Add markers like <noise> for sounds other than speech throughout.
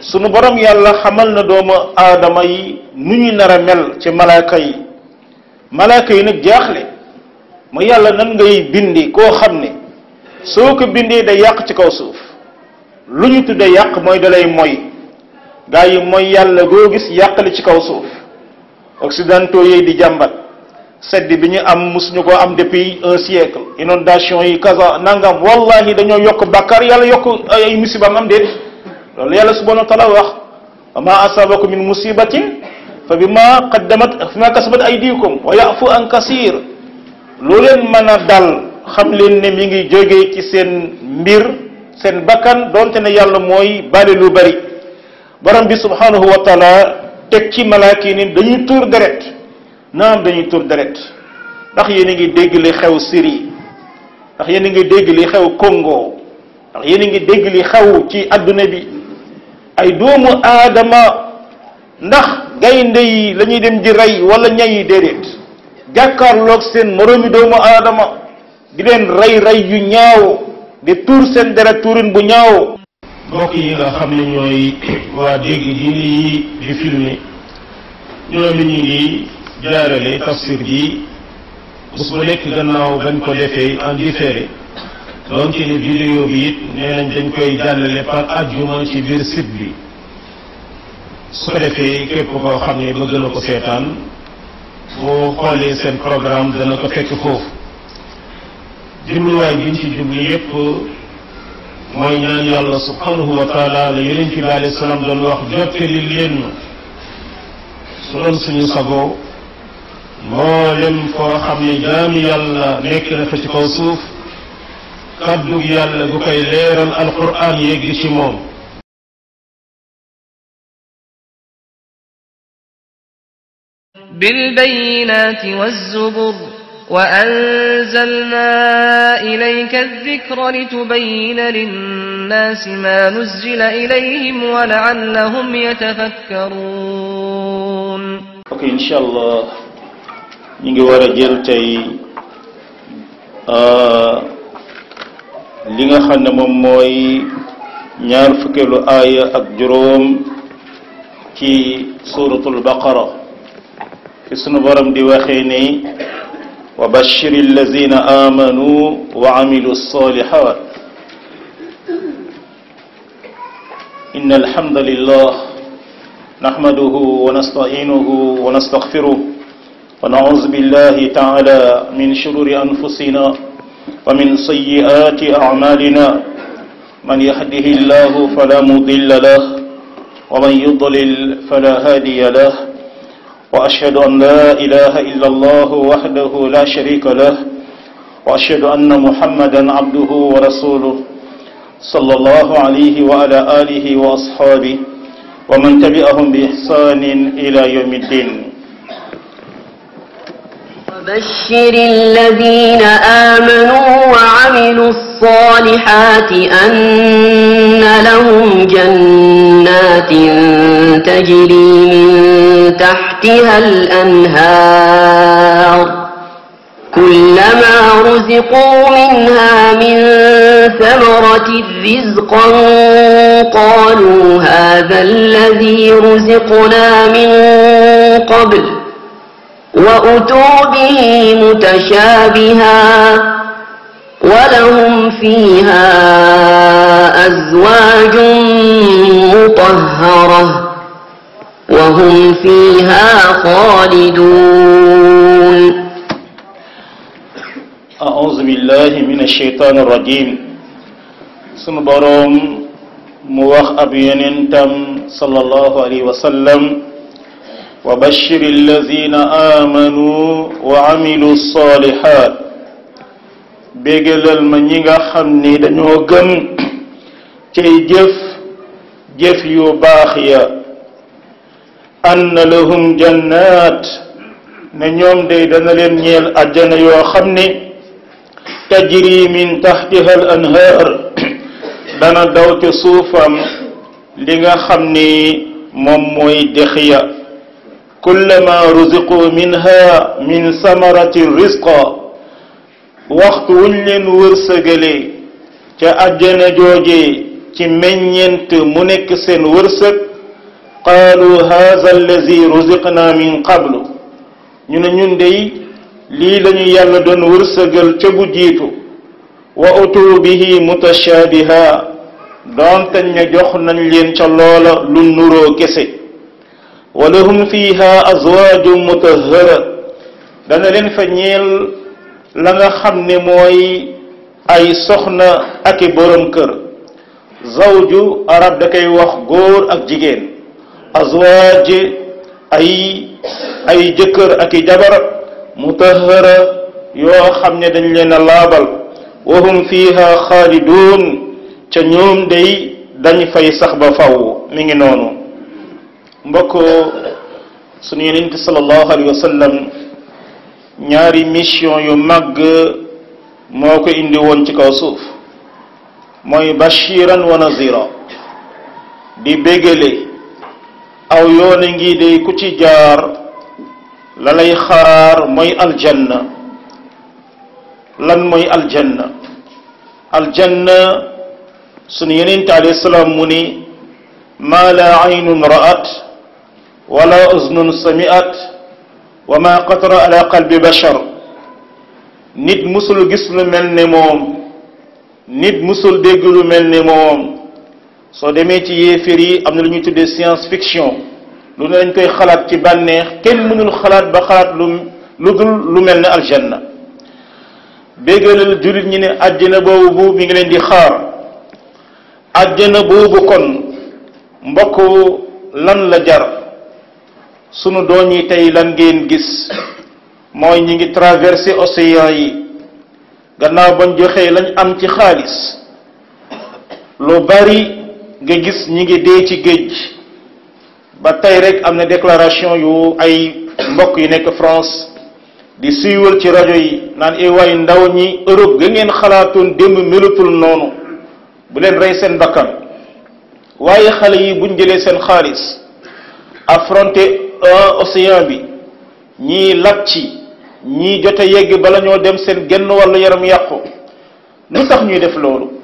sunu borom yàlla xamal na doomu aadama yi nu ñu nar a mel ci malaaka yi malaaka yi nag jaaxle mu yàlla nan ngay bindi koo xam ne soo ko bindee da yàq ci kaw suuf lu ñu tudda yàq mooy dalay moy gaa yi mooy yàlla goo gis yàqali ci kaw suuf occidentaux yi di jàmbat sedd bi ñu am mosuñu ko am depuis un siècle inondation yi kasa nangam wallahi dañoo yokk bàkkaar yàlla yokk ay musibaam am déet loolu yàlla subhanahu wa taala wax wa ma asabakum min musibatin fa bi ma qaddamat fi ma kasabat aydikum wa yafu an kasir lu leen mën a dal xam leen ne mi ngi jógee ci seen mbir seen bakkan donte ne yàlla mooy bale lu bari borom bi subhanahu wa taala ci malaaka yi ni tuur deret naam dañuy tuur deret ndax yéen a ngi dégg li xew Syrie ndax yéen a ngi dégg li ngi dégg li xew ci adduna bi ay doomu adama ndax gaynde yi la ñuy dem di rey wala ñayi déedéet jàkkaarloog seen moroomi doomu aadama di leen rey rey yu ñaaw di tuur seen deret tuurin bu ñaaw mbokk yi nga xam ne ñooy <clears throat> waa dégg diine yi di filmer ñoom ñu ngi jaarale tafsir bi bés bu nekk gannaaw bañ ko defee en différé donte ne vidéo bi it nee nañ dañ koy jàllale par ajjuma ci biir site bi su ko defee képp koo xam ne bëgg na ko seetaan boo xoolee seen programme dana ko fekk foofu jubluwaay bi ñu ci jublu yépp mooy ñaan yàlla subhanahu wa taala la yeneen ci bi alei salaam doon wax jottali leen su doon suñu sago mboolem koo xam ne jaami yàlla nekk na fa ci kaw suuf kàddu yàlla gu koy leeral alquran yegg ci moom بالبينات والزبر وأنزلنا إليك الذكر لتبين للناس ما نزل إليهم ولعلهم يتفكرون ok incha allah ñu ngi war a jël tey euh, li nga xam ne moom mooy ñaar fukkeelu aaya ak juróom ci suuratul baqara fi sunu borom di waxee ni wa bashiri allazina amanu wa amilu salihat إن الحمد لله نحمده ونستعينه ونستغفره ونعوذ بالله تعالى من شرور أنفسنا ومن سيئات أعمالنا من يهده الله فلا مضل له ومن يضلل فلا هادي له وأشهد أن لا إله إلا الله وحده لا شريك له وأشهد أن محمدا عبده ورسوله صلى الله عليه وعلى آله وأصحابه ومن تبعهم بإحسان إلى يوم الدين وبشر الذين آمنوا وعملوا الصالحات أن لهم جنات تجري من تحتها الأنهار كلما رزقوا منها من ثمرة رزقا قالوا هذا الذي رزقنا من قبل وأتوا به متشابها ولهم فيها أزواج مطهرة وهم فيها خالدون أعوذ بالله من الشيطان الرجيم سنبرم موخ أبي ينتم صلى الله عليه وسلم وبشر الذين آمنوا وعملوا الصالحات bégalal ma ñi nga xam ni dañoo gëm cay jëf jëf yu baax ya ann lahum jannat ne ñoom day dana leen ñeel àjjana yoo xam ni tajri min taxtiha al anhaar dana daw ca suufam xam ni moom mooy dex kullama ruziqu minha min samaratin risqa waxtu wuñ leen wërsëgalee ca àjjana jooje ci meññent mu nekk seen wërsëg qaalu haza allazi ruziqna min qablu ñu ne ñun dey lii lañu yàlla doon wërsëgal ca bu jiitu wa utuu bihi mutashaabiha doonte ñu jox nañ leen ca loola lu nuroo kese wa lahum fiha azwaajum mutahhara dana leen fa ñeel la nga xam ne mooy ay soxna ak i borom kër zawju arab da koy wax góor ak jigéen azwaaj ay ay jëkkër ak i jabar mutahara yoo xam ne dañ leen laabal wa hum fiha xaaliduun ca ñoom day dañ fay sax ba faw mi ngi noonu mbokk sunu yeneen bi sallallahu alayhi wa sallam ñaari mission yu màgg moo ko indi woon ci kaw suuf mooy bashiran wa nazira di bégale aw yoona ngi day ku ci jaar la lay xaar mooy aljanna lan mooy aljanna aljanna sunu yeneen bi alayhi salaam mu ni maa la aynun ra'at wala uznun samiat wa ma qatara ala qalbi bashar nit musul gis lu mel ni moom nit musul dégg lu mel ni moom soo demee ci yéeféer yi am na lu ñuy tuddee science fiction lu ne lañ koy xalaat ci bànneex kenn mënul xalaat ba xalaat lu lu dul lu mel ne aljanna béggalal jullit ñi ne àjjana boobu mi ngi leen di xaar àjjana boobu kon mbokk lan la jar sunu doom yi tey lan ngeen gis mooy ñi ngi traversé océan yi gannaaw bañ joxee lañ am ci xaalis lu bari nga gis ñi ngi dee ci géej ba tey rek am na déclaration yu ay mbokk yu nekk France di siiwal ci rajo yi naan ewaay eh ndaw ñi Europe ga ngeen xalaatoon démb melutul noonu bu leen rey seen bakkan waaye xale yi buñ jëlee seen xaalis affronté océan bi ñii lab ci ñii jote yegg bala ñoo dem seen genn wàllu yaram yàqu lu tax ñuy def loolu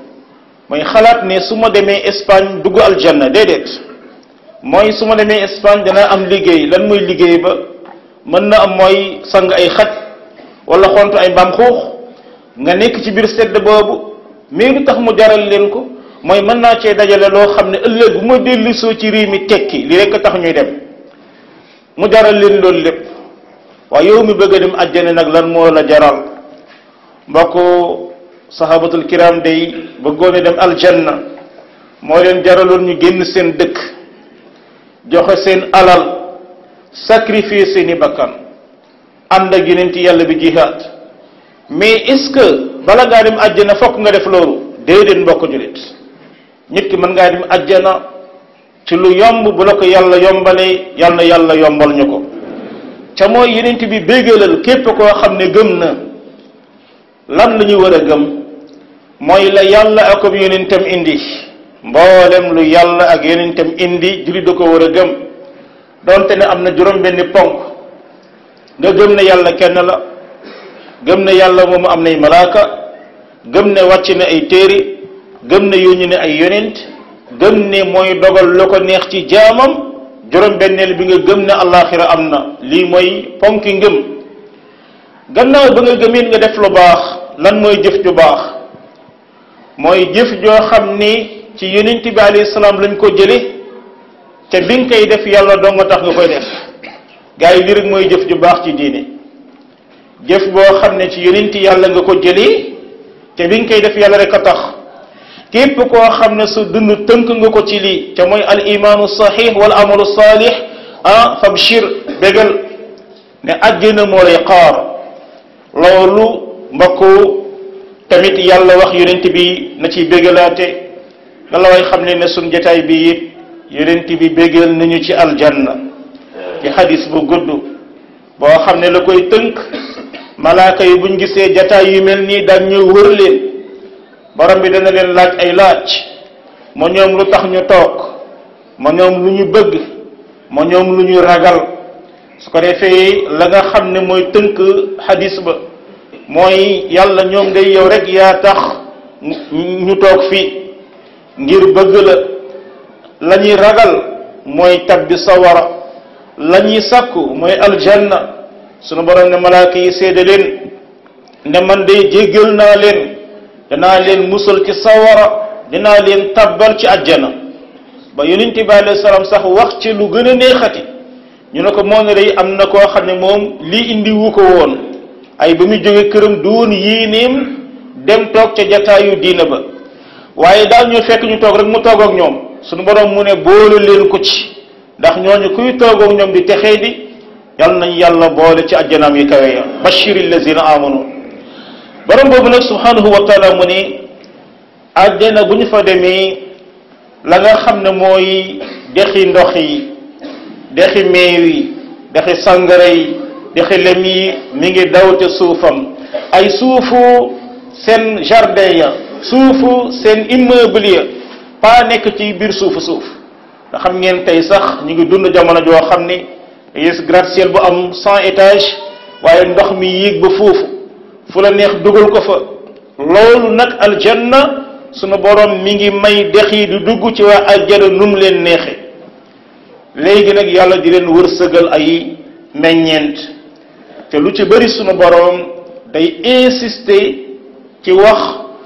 mooy xalaat ne su ma demee Espagne dugg aljanna déedéet mooy su ma demee Espagne dana am liggéey lan mooy liggéey ba mën na am mooy sang ay xaj wala xont ay mbaam xuux nga nekk ci biir sedd boobu mais lu tax mu jaral leen ko mooy mën naa cee dajale loo xam ne ëllëg bu ma dellusoo ci réew mi tekki li rekk tax ñuy dem mu jaral leen loolu lépp waaye yow mi bëgg a dem àjjana nag lan moo la jaral mbokk sahabatul kiram day bëggoon a dem aljanna moo leen jaraloon ñu génn seen dëkk joxe seen alal sacrifier seeni bakkan ànd ak yeneen ci yàlla bi jihaad mais est-ce que bala ngaa dem àjjana fokk nga def loolu déedéet mbokk jullit nit ki mën ngaa dem àjjana ci lu yomb bu la ko yàlla yombalee yàlla yàlla yombal ñu ko ca mooy yenent bi béggalal képp koo xam ne gëm na lan la ñu war a gëm mooy la yàlla ak ab yenentam indi mboolem lu yàlla ak yenentam indi jullit da ko war a gëm donte ne am na juróom benni ponk nga gëm ne yàlla kenn la gëm ne yàlla moomu am nay malaaka gëm ne wàcc na ay téere gëm ne yónni ne ay yonent gëm ne mooy dogal lu ko neex ci jaamam juróom-benneel bi nga gëm ne allaaxira am na lii mooy ponki ngëm gannaaw ba nga gëmit nga def lu baax lan mooy jëf ju baax mooy jëf joo xam ni ci yonent bi alayhi salaam lañ ko jële te bi koy def yàlla dong tax nga koy def gars yi mooy jëf ju baax ci diine jëf boo xam ne ci yonent yàlla nga ko jëlee te bi nga koy def yàlla rek a tax képp koo xam ne sa dund tënk nga ko ci lii te mooy al imaanu saxiix wala amalu saalix ah fabshir bégal ne àjjana moo lay xaar loolu mbokku tamit yàlla wax yonent bi na ci bégalaate da la way xam ne jataay suñ jotaay bi it yonent bi bégal nañu ci aljanna ci xadis bu gudd boo xam ne la koy tënk malaaka yi buñ gisee jataay yu mel nii dañ ñu wër leen borom bi dana leen laaj ay laaj ma ñoom lu tax ñu toog ma ñoom lu ñu bëgg ma ñoom lu ñu ragal su ko defee la nga xam ne mooy tënk xadis ba mooy yàlla ñoom day yow rek yaa tax ñu toog fii ngir bëgg la la ñuy ragal mooy tabbi sawara la ñuy sàkku mooy aljanna sunu borom ne malaaka yi seede leen ne man day jéggal naa leen danaa leen musal ci sawara dinaa leen tabbal ci ajjana ba yonent bi alayhi salaam sax wax ci lu gën a neexati ñu ne ko moom ne day am na koo xam ne moom lii indi ko woon ay ba muy jóge këram doon yéeneem dem toog ca jataayu diina ba waaye daal ñu fekk ñu toog rek mu toog ak ñoom suñu borom mu ne boole leen ko ci ndax ñooñu kuy toog ak ñoom di texe di yal nañ yàlla boole ci ajjanaam yi kawe ya bashiril lazina amanu borom boobu nag subhanahu wa taala mu ni àjjana bu ñu fa demee la nga xam ne mooy dexi ndox yi dexi meew yi dexi sàngara yi dexi lem yi mi ngi daw ca suufam ay suufu seen jardin ya suufu seen immeuble ya pas nekk ci biir suufu suuf nga xam ngeen tey sax ñu ngi dund jamono joo xam ne gis gratte bu am cent étages waaye ndox mi yéeg ba fuufu fu la neex dugal ko fa loolu nag aljanna sunu borom mi ngi may dex yi di dugg ci waa aljanna num leen neexe léegi nag yàlla di leen wërsëgal ay meññeent te lu ci bëri suma borom day insister ci wax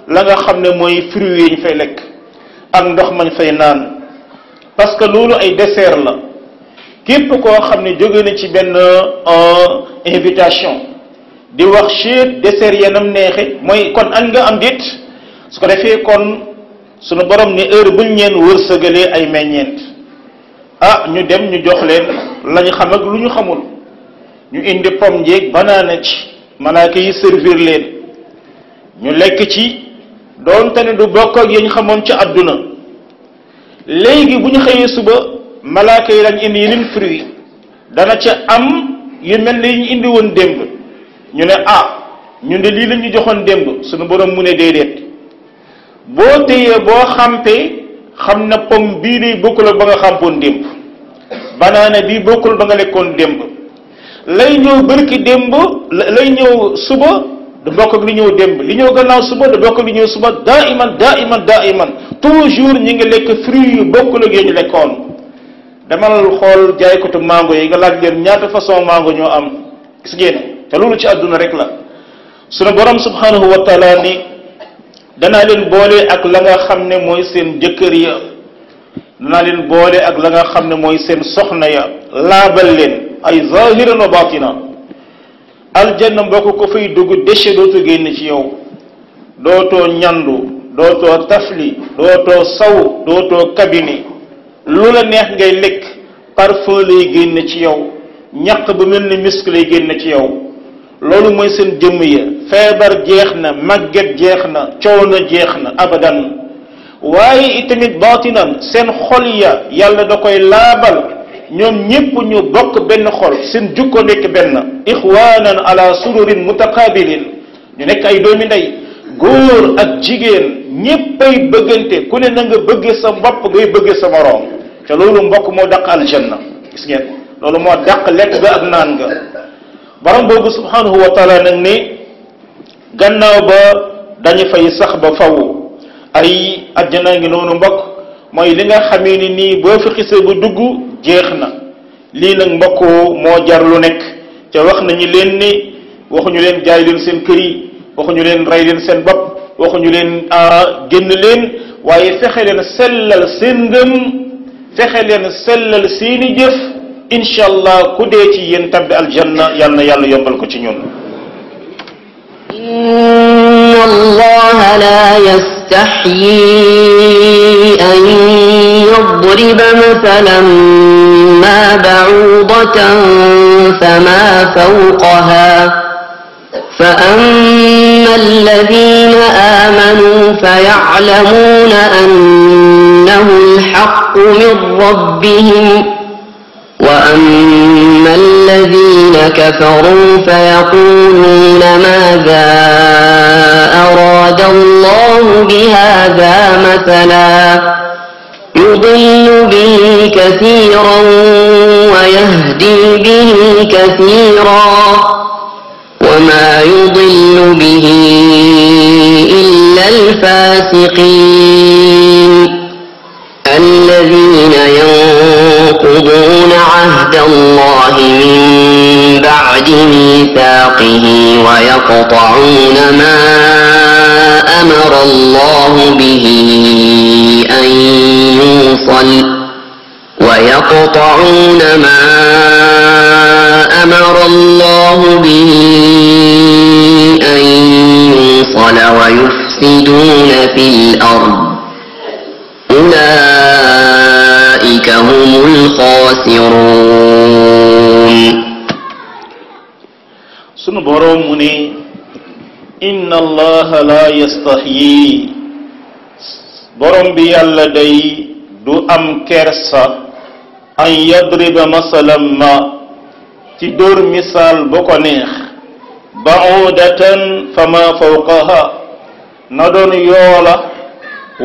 la nga xam ne mooy fruit yi ñu fay lekk ak ndox mañ fay naan parce que loolu ay dessert la képp koo xam ne jóge na ci benn euh, invitation di wax chir dessert yenam neexe mooy kon an nga am dit su ko defee kon sunu borom ne heure buñ ñeen wërsëgalee ay meññeent ah ñu dem ñu jox leen lañ xam lu ñu xamul ñu indi pomme jeeg banaana ci malaaka yi servir leen ñu lekk ci doonte ne du bokk yañ xamoon ci àdduna léegi bu ñu xëyee suba malaaka yi lañ indi yeneen fruit dana ca am yu mel ne yi ñu indi woon démb ñu ne ah ñun de lii la joxoon démb suñu borom mu ne déedéet boo téyee boo xampee xam na pom bii day bokkul ak ba nga xampoon démb banaana bii bokkul ba nga lekkoon démb lay ñëw bërki démb lay ñëw suba du bokk ak li ñëw démb li ñëw gannaaw suba du bokk ak li ñëw suba daa iman daa iman daa iman toujours ñi ngi lekk fruit yu bokkul ak yooyu ñu lekkoon demal xool jaay jaaykatu mango yi nga laaj leen ñaata façon mango ñoo am gis ngeen te loolu ci àdduna rek la sunu borom subhanahu wa taala ni danaa leen boole ak la nga xam ne mooy seen jëkkër ya danaa leen boole ak la nga xam ne mooy seen soxna ya laabal leen ay zahiran wa batina aljanna mbokk ko fay dugg déchet dootoo génne ci yow dootoo ñandu dootoo tafli dootoo saw dootoo kabini lu la neex ngay lekk parfum lay génn ci yow ñaq bu mel ni misk lay génn ci yow loolu mooy seen jëmm yi feebar jeex na màgget jeex na coono jeex na abadan waaye itamit baatinan seen xol ya yàlla da koy laabal ñoom ñépp ñu bokk benn xol seen jukko nekk benn ixwaanan ala sururin mutaqabilin ñu nekk ay doomi ndey góor ak jigéen ñéppay bëggante ku ne na nga bëgge sa bopp ngay bëgge sa moroom te loolu mbokk moo dàq aljanna gis ngeen loolu moo dàq lekk ga ak naan nga borom boobu subhanahu wa taala nag ni gannaaw ba dañu fay sax ba faw ay àjjana ngi noonu mbokk mooy li nga xamee ni nii boo fi xisee bu dugg jeex na lii nag mbokk moo jar lu nekk te wax nañu leen ni waxuñu leen jaay leen seen kër yi waxuñu leen rey leen seen bopp waxuñu leen génn leen waaye fexe leen sellal seen ngëm fexe leen sellal seeni jëf incha allah ku dee ci yéen tabbi aljanna yal na yàlla yombal ko ci ñun. inna allaha la yastahyi an yadriba mathalan ma ba'udatan fama fawqaha فأما الذين آمنوا فيعلمون أنه الحق من ربهم وأما الذين كفروا فيقولون ماذا أراد الله بهذا مثلا يضل به كثيرا ويهدي به كثيرا وما يضل به إلا الفاسقين حقه ويقطعون ما أمر الله به أن يوصل ويقطعون ما أمر الله به أن يوصل ويفسدون في الأرض أولئك هم الخاسرون borom mu ne inna allaha laa yastaxyi borom bi yàlla day du am kersa an yadriba masalan ma ci dóor misaal bu ko neex baudatan fa ma fawqaha na doon yoola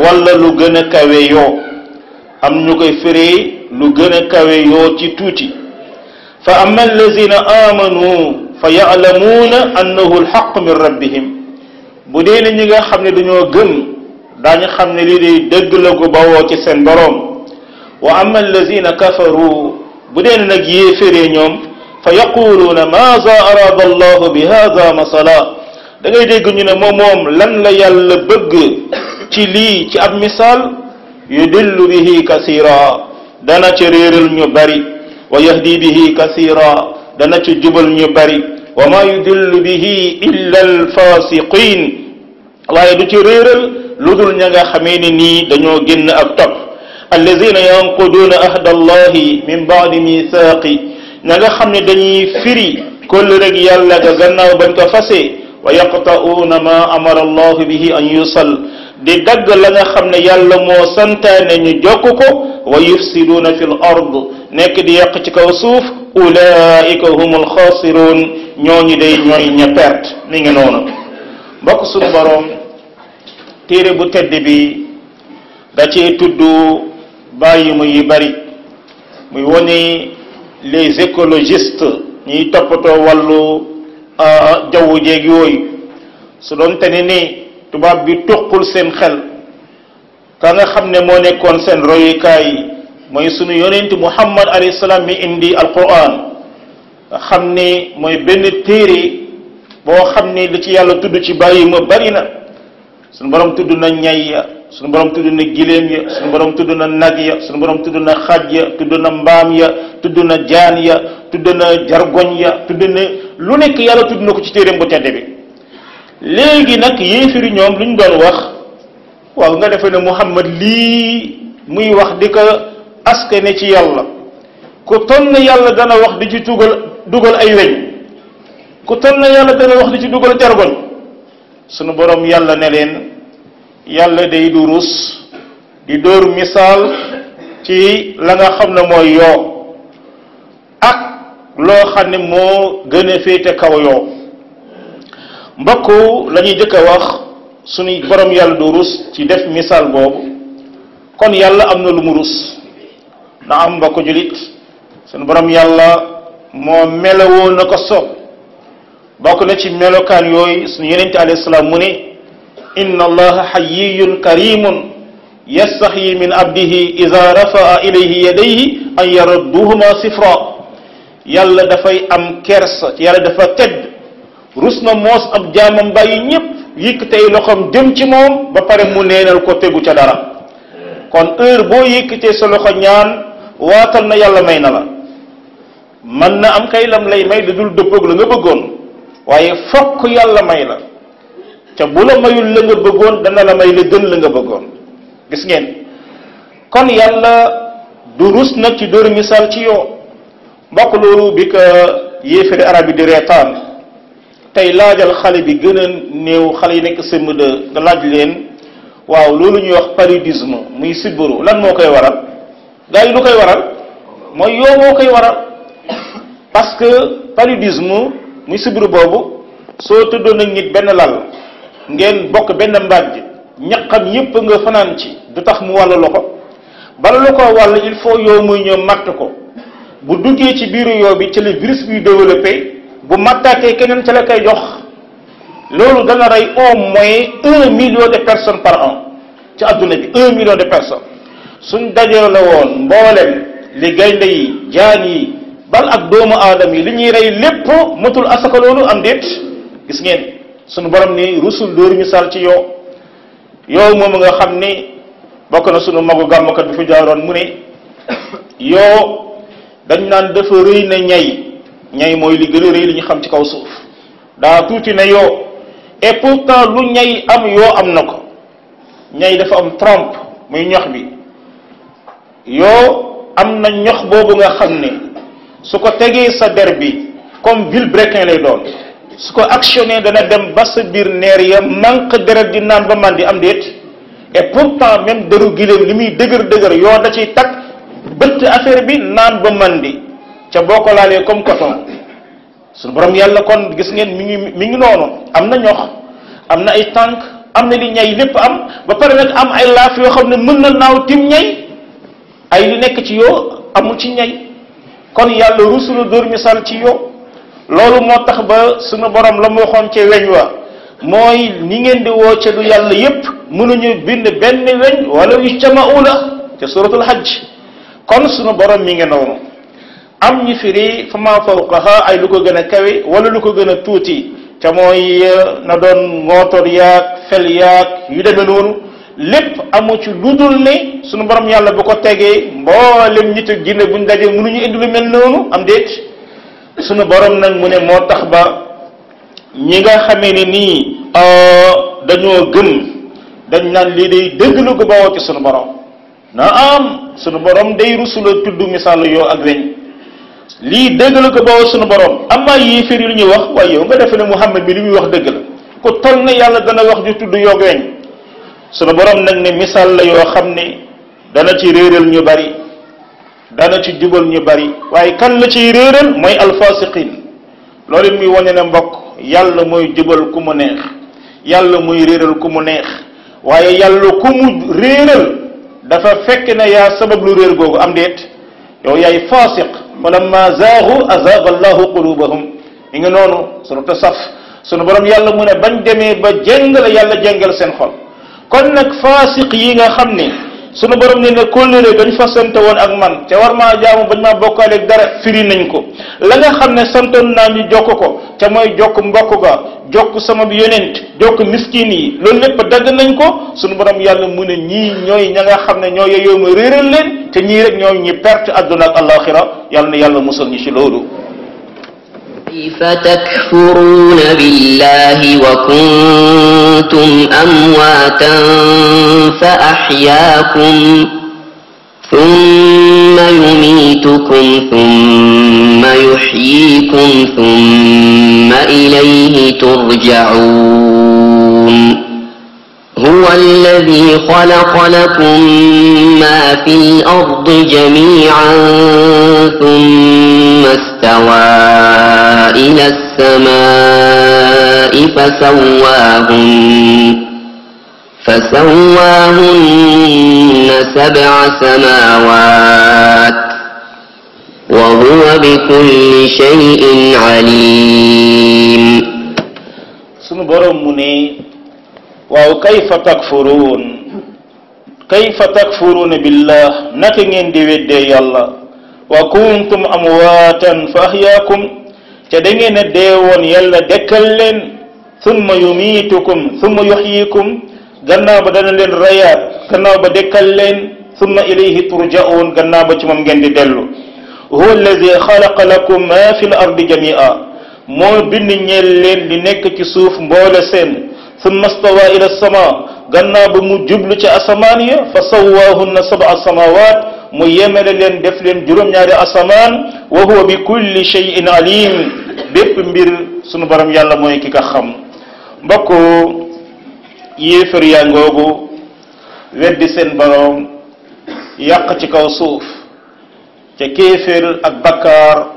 walla lu gën a kawe yoo am ñu koy firee lu gën a kawe yoo ci tuuti fa amma allazina amanu fa yaalamuuna annahu alxaq min rabbihim bu dee ne ñi nga xam ne dañoo gëm daañu xam ne lii day dëgg la gu bawoo ci seen boroom wa ama allazina kafaru bu dee ne nag yéeféree ñoom fa yaquluuna maza araada allahu bi hada masala da ngay dégg ñu ne moom moom lan la yàlla bëgg ci lii ci ab misaal yudillu bihi kasira dana ci réeral ñu bari wa yahdi bihi kasira dana ci jubal ñu bari wa ma yudillu bihi illa alfasiqin waaye du ci réeral lu dul ña nga xamee ni nii dañoo génn ak topp allazina yanquduuna ahda allahi min baadi mithaqi ña nga xam ne dañuy firi koll rek yàlla ga gannaaw bañ ko fasee wa yaqta'uuna ma amara allahu bihi an yusal di dagg la nga xam ne yàlla moo santaane ñu jokk ko wa yufsiduuna fi l nekk di yàq ci kaw suuf ulaika humul xaasiruun ñooñu day ñooy ña perte mi ngi noonu mbokk suñu boroom téere bu tedd bi da cee tudd bàyyi mu yu bari muy wone les écologistes ñuy toppatoo wàllu jaww jeeg yooyu su doon te ni nii tubaab bi tuqul seen xel ka nga xam ne moo nekkoon seen royukaay mooy sunu yonent muhammad alayhi salaam mi indi al nga xam ni mooy benn téere boo xam ni li ci yàlla tudd ci bàyyi ma bari na sunu borom tudd na ñay ya sunu borom tudd na giléem ya sunu borom tudd na nag ya sunu borom tudd na xaj ya tudd na mbaam ya tudd na jaan ya tudd na jargoñ ya tudd na lu nekk yàlla tudd na ko ci téereem bu tedd bi léegi nag yéefiri ñoom lu ñu doon wax waaw nga defee ne muhammad lii muy wax di askane ci yàlla ku toll na yàlla dana wax di ci dugal dugal ay weñ ku toll na yàlla dana wax di ci dugal jargoñ sunu borom yàlla ne leen yàlla day du ruus di dóor misaal ci la nga xam ne mooy yoo ak loo xam ne moo gën a féete kaw yoo mbokk lañuy jëkk a wax sunu borom yàlla du ruus ci def misaal boobu kon yàlla am na lu mu ruus na am mbokk julit sunu borom yàlla moo melowoo na ko soob bokk na ci melokaan yooyu sunu yonente alayhi salaam mu ne inna allaha xayiyun karimun yastaxyi min abdihi ida rafaa ilayhi yadayhi an yarudduhuma sifra yàlla dafay am kersa yàlla dafa tedd rus na moos ab jaamam bàyyi ñëpp yëkkatey loxoom jëm ci moom ba pare mu neenal ko tegu ca dara kon heure boo yëkkatee sa loxo ñaan waatal na yàlla may na la mën na am kay lam lay may lu dul dëppoog la nga bëggoon waaye fokk yàlla may la te bu la mayul la nga bëggoon dana la may la gën la nga bëggoon gis ngeen kon yàlla du rus nag ci dóor misaal ci yow mbokk loolu bi ko yéefari arab yi di reetaan tey laajal xale bi gën a néew xale yi nekk sëmm de laaj leen waaw loolu ñuy wax paludisme muy sibbiru lan moo koy waral gaa yi lu koy waral mooy yoo moo koy waral parce que paludisme muy sibiru boobu soo tëddoon ak nit benn lal ngeen bokk benn mbaaj ñaqam yépp nga fanaan ci du tax mu wàllu la ko bala la ko wàll il faut yow muy ñëw matt ko bu duggee ci biiru yoo bi ci la virus bi développé bu mattaatee keneen ca la koy jox loolu dana rey au moins un million de personnes par an ci àdduna bi un million de personne suñ dajoo la woon mboolem li gaynde yi jaan yi bal ak doomu aadama yi li ñuy rey lépp matul asaka loolu am déet gis ngeen suñu borom ni rusul dóor misaal ci yow yow moom nga xam ni bokk na suñu magu gàmmkat bi fi jaaroon mu ne yow dañ naan dafa rëy na ñay ñay mooy li gën a rëy li ñu xam ci kaw suuf daa tuuti na yow et pourtant lu ñay am yoo am na ko ñay dafa am trompe muy ñax bi yoo am na ñox boobu nga xam ne su ko tegee sa der bi comme vilebrequin lay doon su ko actionné dana dem ba sa biir neer ya manque deret di naan ba man di am déet et pourtant même deru giléem li muy dëgër dëgër yoo da ciy takk bëtt affaire bi naan ba man di ca boo ko laalee comme coton suñu borom yàlla kon gis ngeen mi ngi mi ngi noonu am na ñox am na ay tànk am na li ñay lépp am ba pare nag am ay laaf yoo xam ne mën na naaw tim ñay ay li nekk ci yoo amul ci ñay kon yàlla rusulu dóor misaal ci yoo loolu moo tax ba sunu borom la mu waxoon ca weñ wa mooy ni ngeen di woo ca du yàlla yépp mënuñu bind benn weñ wala ijtama'una ca suratul hajj kon sunu borom mi ngi noonu am ñu firi fa ma fawqaha ay lu ko gën a kawe wala lu ko gën a tuuti ca mooy na doon ngootor yaag fel yaag yu demee noonu lépp amu ci ludul ne sunu borom yàlla bu ko tegee mboolem nit ak jinne daje dajee mënuñu indi lu mel noonu am déet sunu borom nag mu ne moo tax ba ñi nga xamee ni nii ah, dañoo gën dañ naan lii day dëgg la ko bawoo ci suñu borom na am sunu borom day rusula tudd misaal yoo ak weñ lii dëgg la ko bawoo sunu borom amaa yéeféer yi lu ñuy wax waaye yow nga defe ne Muhammad bi li muy wax dëgg la ku toll na yàlla dana wax ju tudd yoo ak weñ sunu borom nag ne misaal la yoo xam ne dana ci réeral ñu bari dana ci jubal ñu bari waaye kan la ciy réeral mooy alfasiqin loolu it muy wane ne mbokk yàlla mooy jubal ku mu neex yàlla muy réeral ku mu neex waaye yàlla ku mu réeral dafa fekk ne yaa sabab lu réer googu am déet yow yaay fasiq falamma zaagu azaaga allahu qulubahum mi ngi noonu surata saf sunu borom yàlla mu ne ban demee ba jéngal yàlla jéngal seen xol kon nag faasiq yi nga xam ne sunu borom ne ne kóllëre dañ fa sant woon ak man te war maa jaamu bañ maa bokkaaleeg dara firi nañ ko la nga xam ne santoon naa ñu jokk ko te mooy jokk mbokk ga jokk sama bi yonent jokk miskin yi loolu lépp dagg nañ ko sunu borom yàlla mun ne ñii ñooy ña nga xam ne ñoo yeyoo ma réeral leen te ñii rek ñooy ñi perte àdduna ak àllaaxira yàlla na yàlla musal ñu ci loolu فتكفرون بالله وكنتم أمواتا فأحياكم ثم يميتكم ثم يحييكم ثم إليه ترجعون هو الذي خلق لكم ما في الأرض جميعا ثم استوى إلى السماء فسواهن فسواهن سبع سماوات وهو بكل شيء عليم سنبرم مني waaw kayfa takfuruun kayfa takfuruuna billah ngeen di weddee yàlla wa kuntum amwaatan fa ahyaakum te da ngeen a deewoon yàlla dekkal leen summa yumiitukum summa yuxyikum gannaaw ba dana leen rayaat leen summa ilayhi turjaun gannaaw ba ci moom ngeen di dellu huwa alladi xalaqa lakum ma fi l nekk ci suuf mboole seen summa stawa ila sama gannaaw ba mu jublu ci asamaan ya fa sawwaahunna sab'a samawat mu yemele leen def leen juróom-ñaari asamaan wa huwa bi kulli shay'in alim bépp mbir sunu borom yàlla mooy ki ka xam mbokk yéefar yaa ngoogu weddi seen borom yàq ci kaw suuf te kéeféer ak bakkaar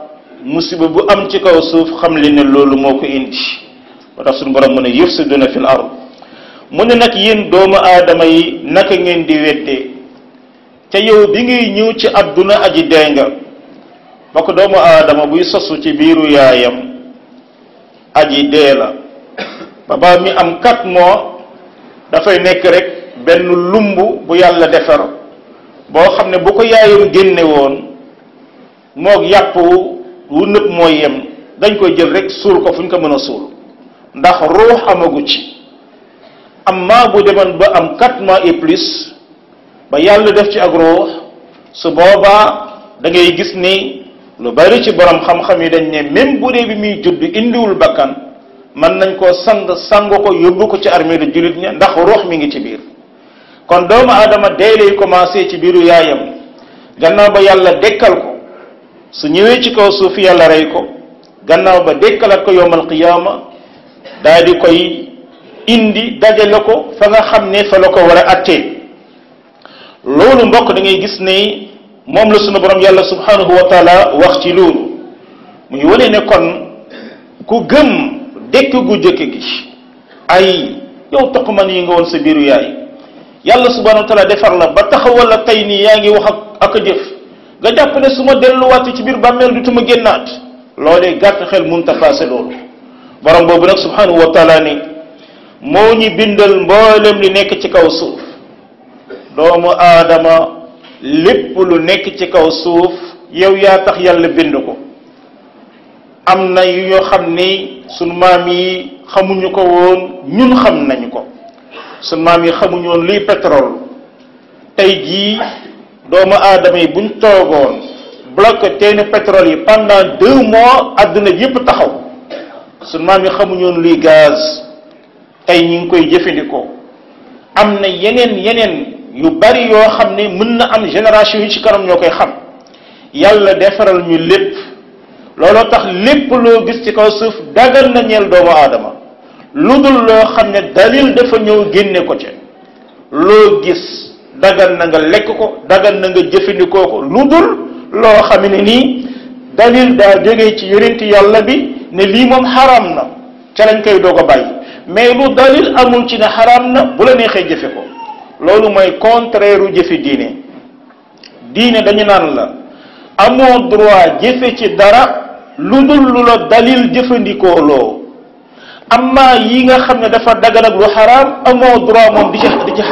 musiba bu am ci kaw suuf xam leen ne loolu moo ko indi ba tax suñu borom mu ne yufsiduna fil ard mu ne nag yéen doomu aadama yi naka ngeen di weddee te yow bi ngay ñëw ci adduna aji dee nga ba ko doomu aadama buy sosu ci biiru yaayam aji dee la baba mi am kat moo dafay nekk rek benn lumb bu yàlla defar boo xam ne bu ko yaayam génne woon moog yàpp wu nëpp mooy yem dañ koy jël rek suul ko fu ñu ko mën a suul ndax ruux amagu ci am amma bu deman ba am quatre mois et plus ba yàlla def ci ak ruux su boobaa dangay gis ni lu bari ci borom xam-xam yi dañ ne même bu dee bi muy judd indiwul bakkan mën nañ koo sang sangu ko yóbbu ko ci armée de jullit ña ndax ruux mi ngi ci biir kon doomu aadama dee lay commencé ci biiru yaayam gannaaw ba yàlla dekkal ko su ñëwee ci kaw suuf yàlla rey ko gannaaw ba dekkalaat ko yowmal qiyaama daa di koy indi dajale ko fa nga xam ne fa la ko war a attee loolu mbokk da ngay gis ne moom la sunu borom yàlla subhanahu wa taala wax ci loolu mu ngi wane ne kon ku gëm dëkk gu jëkk gi ay yow toquman yi nga woon sa biiru yaay yàlla subhanahu wa defar la ba taxawal la tey nii yaa ngi wax ak a jëf nga jàpp ne su ma delluwaat ci biir bàmmeel du tuma génnaat loolee gàtt xel munta paase loolu borom boobu nag subhanahu wa taala ni moo ñu bindal mboolem li nekk ci kaw suuf doomu aadama lépp lu nekk ci kaw suuf yow yaa tax yàlla bind ko am na yu ñoo xam ni sunu maam yi xamuñu ko woon ñun xam nañu ko sunu maam yi xamuñu woon luy pétrole tey jii doomu aadama yi buñ toogoon bloqué teen pétrole yi pandaan deux mois àdduna bi yëpp taxaw su maam yi xamuñoon luy gaz tey ñu ngi koy jëfandikoo am na yeneen yeneen yu bari yoo xam ne mën na am génération yi ci kanam ñoo koy xam yàlla defaral ñu lépp looloo tax lépp loo gis ci kaw suuf daggal na ñeel doomu aadama lu dul loo xam ne dalil dafa ñëw génne ko ci loo gis dagal na nga lekk ko dagal na nga jëfandikoo ko lu dul loo xam ne nii dalil daa jógee ci yonent yàlla bi ne lii moom xaram na ca lañ koy doog a bàyyi mais lu dalil amul ci ne xaraam na bu la neexee jëfe ko loolu mooy contraire u jëfe diine diine dañu naan la amoo droit jëfe ci dara lu dul lu la dalil jëfandikoo loo amma yi nga xam ne dafa dagan ak lu xaraam amoo droit moom di ci di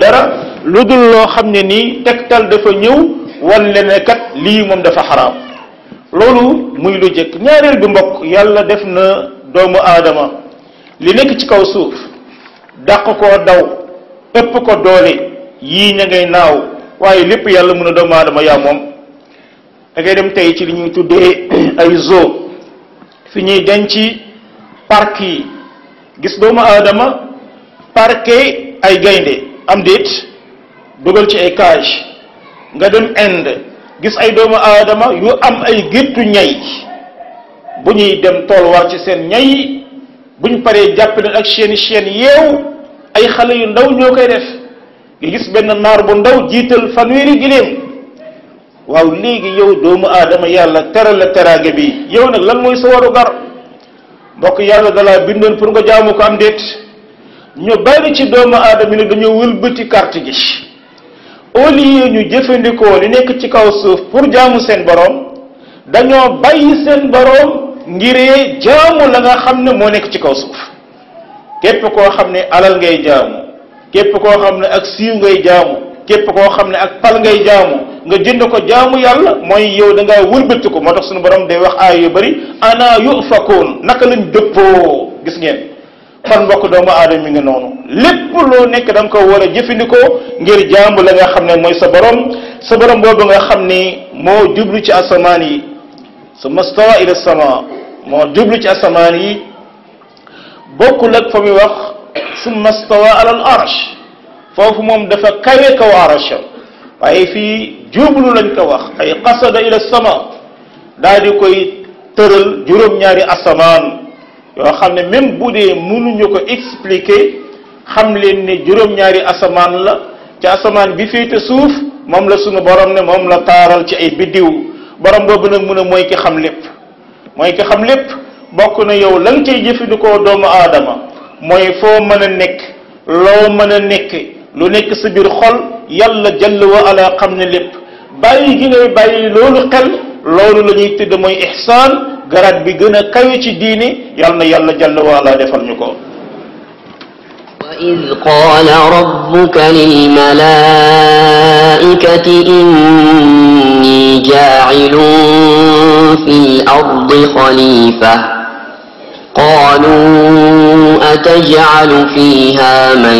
dara lu dul loo xam ne nii tegtal dafa ñëw wan le ne kat lii moom dafa xaraam loolu muy lu jëkk ñaareel bi mbokk yàlla def na doomu aadama li nekk ci kaw suuf dàq koo daw ëpp ko doole yii ña ngay naaw waaye lépp yàlla mun a doomu aadama yaa moom da ngay dem tey ci li ñuy tuddee <clears throat> ay zoo fi ñuy ci parc yi gis doomu aadama parqué ay gaynde am déet dugal ci ay cage nga dem Inde gis ay doomu aadama yu am ay géttu ñay bu ñuy dem tool war ci seen ñay buñ paree jàpp leen ak seeni seen yeew ay xale yu ndaw ñoo koy def nga gis benn naar bu ndaw jiital fanweeri giléem waaw léegi yow doomu aadama yàlla teral la teraange bi yow nag lan mooy sa waru gar mbokk yàlla dalaa bindoon pour nga jaamu ko am déet ñu bari ci doomu aadama yi ne dañoo wëlbati carte gi au lieu ñu jëfandikoo lu nekk ci kaw suuf pour jaamu seen boroom dañoo bàyyi seen boroom ngiree jaamu la nga xam ne moo nekk ci kaw suuf képp koo xam ne alal ngay jaamu képp koo xam ne ak siiw ngay jaamu képp koo xam ne ak pal ngay jaamu nga jënd ko jaamu yàlla mooy yow da ngaa wëlbatiku moo tax suñu boroom day wax aay yu bari ana yufakoon naka lañ dëppoo gis ngeen kon mbokk doomu aadama mi ngi noonu lépp loo nekk da nga ko war a jëfandikoo ngir jaamu la nga xam ne mooy sa borom sa borom boobu nga xam ni moo jublu ci asamaan yi su mastawa ila sama moo jublu ci asamaan yi bokkul ak fa muy wax su mastawa alal arsh foofu moom dafa kawe kaw arsh waaye fii jublu lañ ko wax ay qasada ila sama daal di koy tëral juróom-ñaari asamaan yoo xam ne même bu dee mënuñu ko expliquer xam leen ne juróom-ñaari asamaan la ci asamaan bi fii te suuf moom la suñu borom ne moom la taaral ci ay biddiw borom boobu nag mun a mooy ki xam lépp mooy ki xam lépp bokk na yow la nga cay jëfandikoo doomu aadama mooy foo mën a nekk loo mën a nekk lu nekk sa biir xol yàlla jalla wa ala xam ne lépp bàyyi gi ngay bàyyi loolu xel loolu la ñuy tudd mooy ihsaan garab bi gën a kayu ci diini yal na yàlla jalla waala defal ñu ko وإذ قال ربك للملائكة إني جاعل في الأرض خليفة قالوا أتجعل فيها من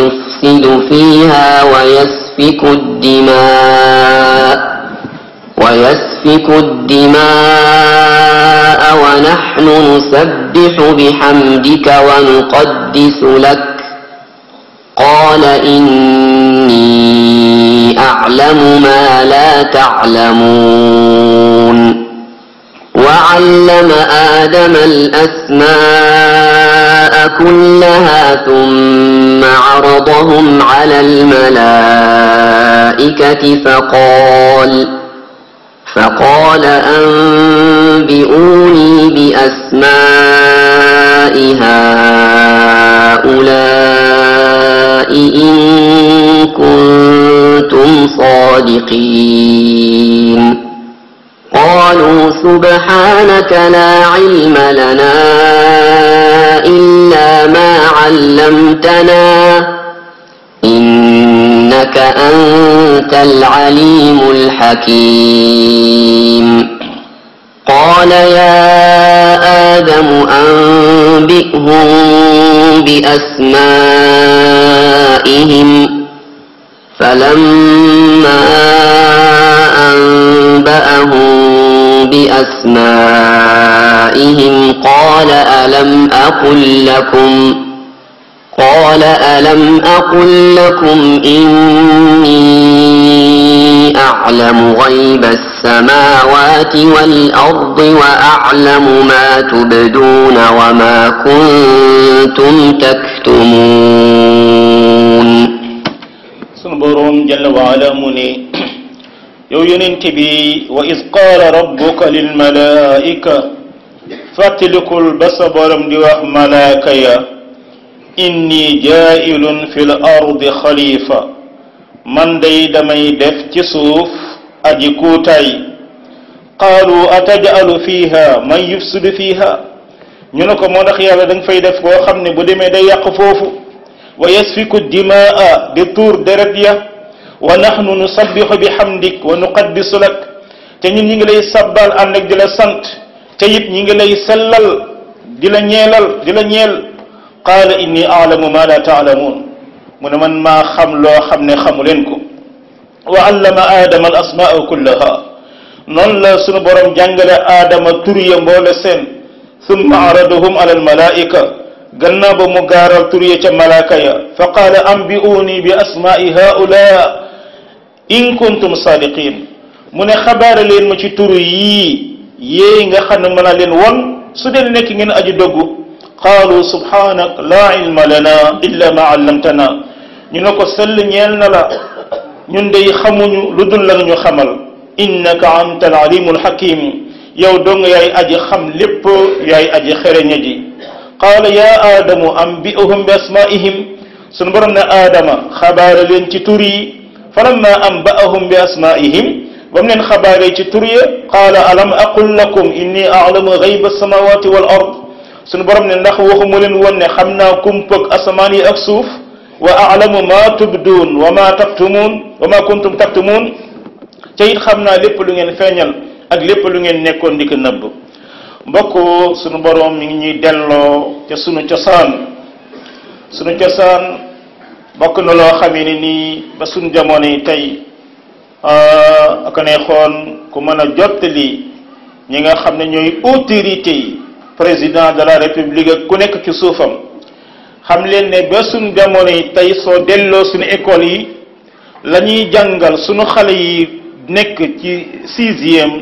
يفسد فيها ويسفك الدماء ويسفك نسفك الدماء ونحن نسبح بحمدك ونقدس لك قال إني أعلم ما لا تعلمون وعلم آدم الأسماء كلها ثم عرضهم على الملائكة فقال فقال أنبئوني بأسماء هؤلاء إن كنتم صادقين قالوا سبحانك لا علم لنا إلا ما علمتنا إنك أنت العليم الحكيم قال يا آدم أنبئهم بأسمائهم فلما أنبأهم بأسمائهم قال ألم أقل لكم قال ألم أقل لكم إني أعلم غيب السماوات والأرض وأعلم ما تبدون وما كنتم تكتمون سنبرون جل وعلا مني yow yonent bi wa is qaala rabbuka lil malaa'ika fàttalikul ba sa borom di wax malaaka ya inni jaa'ilun fil ardi xalifa man day damay def ci suuf aji kuutaay qaalu ataj'alu fiha man yufsidu fiha ñu ne ko moo tax yàlla da nga fay def koo xam ne bu demee day yàq foofu wa yasfiku dimaa di tuur deret ya wa nahnu nusabbihu bihamdik wa nuqaddisu lak te ñun ñi ngi lay sabbal ànd ak di la sant te it ñi ngi lay sellal di la ñeelal di la ñeel qaala inni aalamu ma la taalamuun mu ne man maa xam loo xam ne xamu leen ko wa allama aadama al asmaa kullaha noonu la sunu borom jàngale aadama tur ya mboole seen summa aradahum ala al malaika gannaaw ba mu gaaral tur ya ca malaaka ya fa qaala ambiuuni bi asmaai haula in kuntum saadiqin mu ne xabaare leen ma ci tur yii yéey nga xam ne mën a leen won su dee nekk ngeen aju doggu qaalu subhanak laa ilma lana illa ma allamtana ñu ne ko sell ñeel na la ñun dey xamuñu lu dul la ñu xamal innaka anta al alimul hakim yow dong yaay aji xam lépp yaay aji xereñe ji qaala yaa aadamu ambihum bi asmaihim sunu borom ne aadama xabaare leen ci tur yi falamma ambaahum bi asmaihim ba mu leen xabaaree ci tur ya qaala alam aqul lakum inni alamu gayba alsamawati wal ard suñu borom ne ndax waxuma leen woon ne xam naa kumpëg asamaan yi ak suuf wa alamu ma tubduun wa ma taktumuun wa ma kuntum taktumuun te it xam naa lépp lu ngeen feeñal ak lépp lu ngeen nekkoon di ko nëbb mbokk suñu borom mi ngi ñuy delloo ca sunu cosaan sunu cosaan bokk na loo xam yi ni nii ba sunu jamono yi tey ah, ak a neexoon ku mën a jottali ñi nga xam ne ñooy autorité yi président de la république ak ku nekk ci suufam xam leen ne ba suñ jamono yi tey soo delloo suñu école yi lañuy jàngal suñu xale yi nekk ci sixième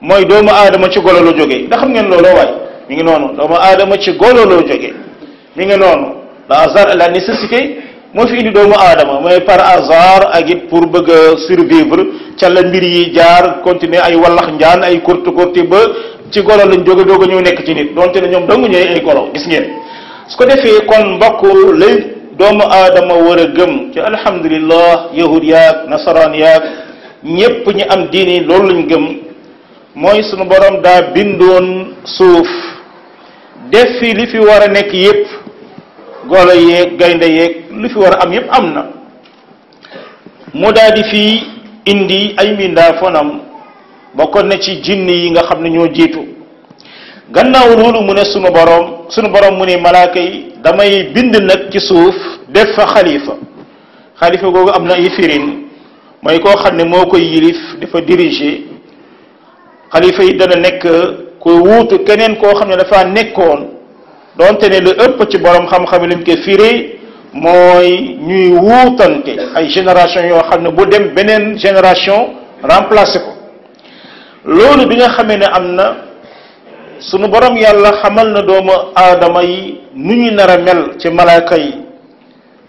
mooy doomu aadama ci golo loo jógee ndax xam ngeen looloo waay mu ngi noonu doomu aadama ci golo la jógee mi ngi noonu le hasard la nécessité moo fi indi doomu aadama mooy par hasard ak it pour bëgg a survivre ca la mbir yi jaar continuer ay wallax njaan ay kurti kurti ba ci golo lañ jóge doog a nekk ci nit donte ne ñoom dong ñooy ay golo gis ngeen su ko defee kon mbokk lay doomu aadama war a gëm ci alhamdulillah yahud yaag nasaraan yaag ñépp ñi am diini loolu lañu gëm mooy sunu borom daa bindoon suuf def fi li fi war a nekk yépp golo yeeg gaynde yeeg li fi war a am yépp am na mu daal di fii indi ay mbindaa fonam bokkoon na ci jinni yi nga xam ne ñoo jiitu gannaaw loolu mu ne sunu boroom sunu boroom mu ne malaaka yi damay bind nag ci suuf def fa xalifa xalifa googu am na ay firin mooy koo xam ne moo koy yilif dafa diriger xalifa yi dana nekk ku wuutu keneen koo xam ne dafa nekkoon donte ne lu ëpp ci boroom xam-xam li mu ko firee mooy ñuy wuutante ay génération yoo xam ne bu dem beneen génération remplacé ko loolu bi nga xamee ne am na sunu borom yàlla xamal na doomu aadama yi nu ñu nar a mel ci malaaka yi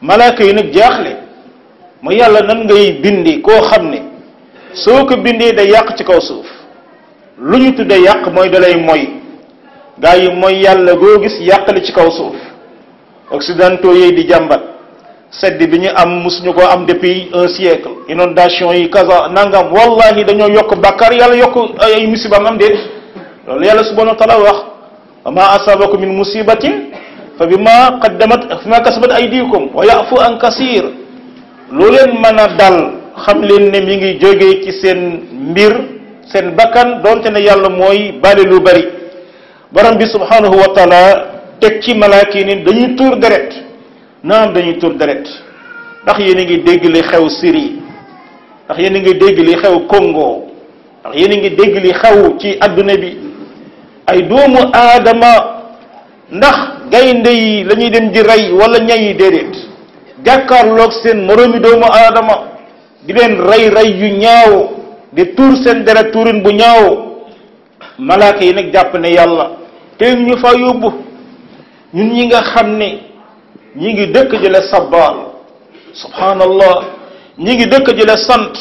malaaka yi nag jaaxle mu yàlla nan ngay bindi koo xam ni soo ko bindee day yàq ci kaw suuf lu ñu tudde yàq mooy dalay moy gaa yi mooy yàlla goo gis yàqale ci kaw suuf occidentaux yi di jàmbat sedd bi ñu am mosuñu ko am depuis un siècle inondation yi kaza nangam wallahi dañoo yokk bàkkaar yàlla yokk ay musibaam am déet loolu yàlla subhanahu wa taala wax ma asabakum min musibatin fa bi ma qaddamat fi ma kasabat aydikum wa yafu an kasir lu leen mën a dal xam leen ne mi ngi jógee ci seen mbir seen bakkan donte ne yàlla mooy bale lu bari borom bi subhanahu wa taala teg dañuy tuur deret naam dañuy tur deret ndax yéen a ngi dégg li xew Syrie ndax yéen a ngi dégg li xew Congo ndax yéen a ngi dégg li xew ci àdduna bi ay doomu aadama ndax gaynde yi la ñuy dem di rey wala ñay yi déedéet jàkkaarloog seen moroomi doomu aadama di leen rey rey yu ñaaw di tuur seen deret tuurin bu ñaaw malaaka yi nag jàpp ne yàlla te ñu fa yóbbu ñun ñi nga xam ne ñi ngi dëkk di la sabbaal subhanallah ñi ngi dëkk di la sant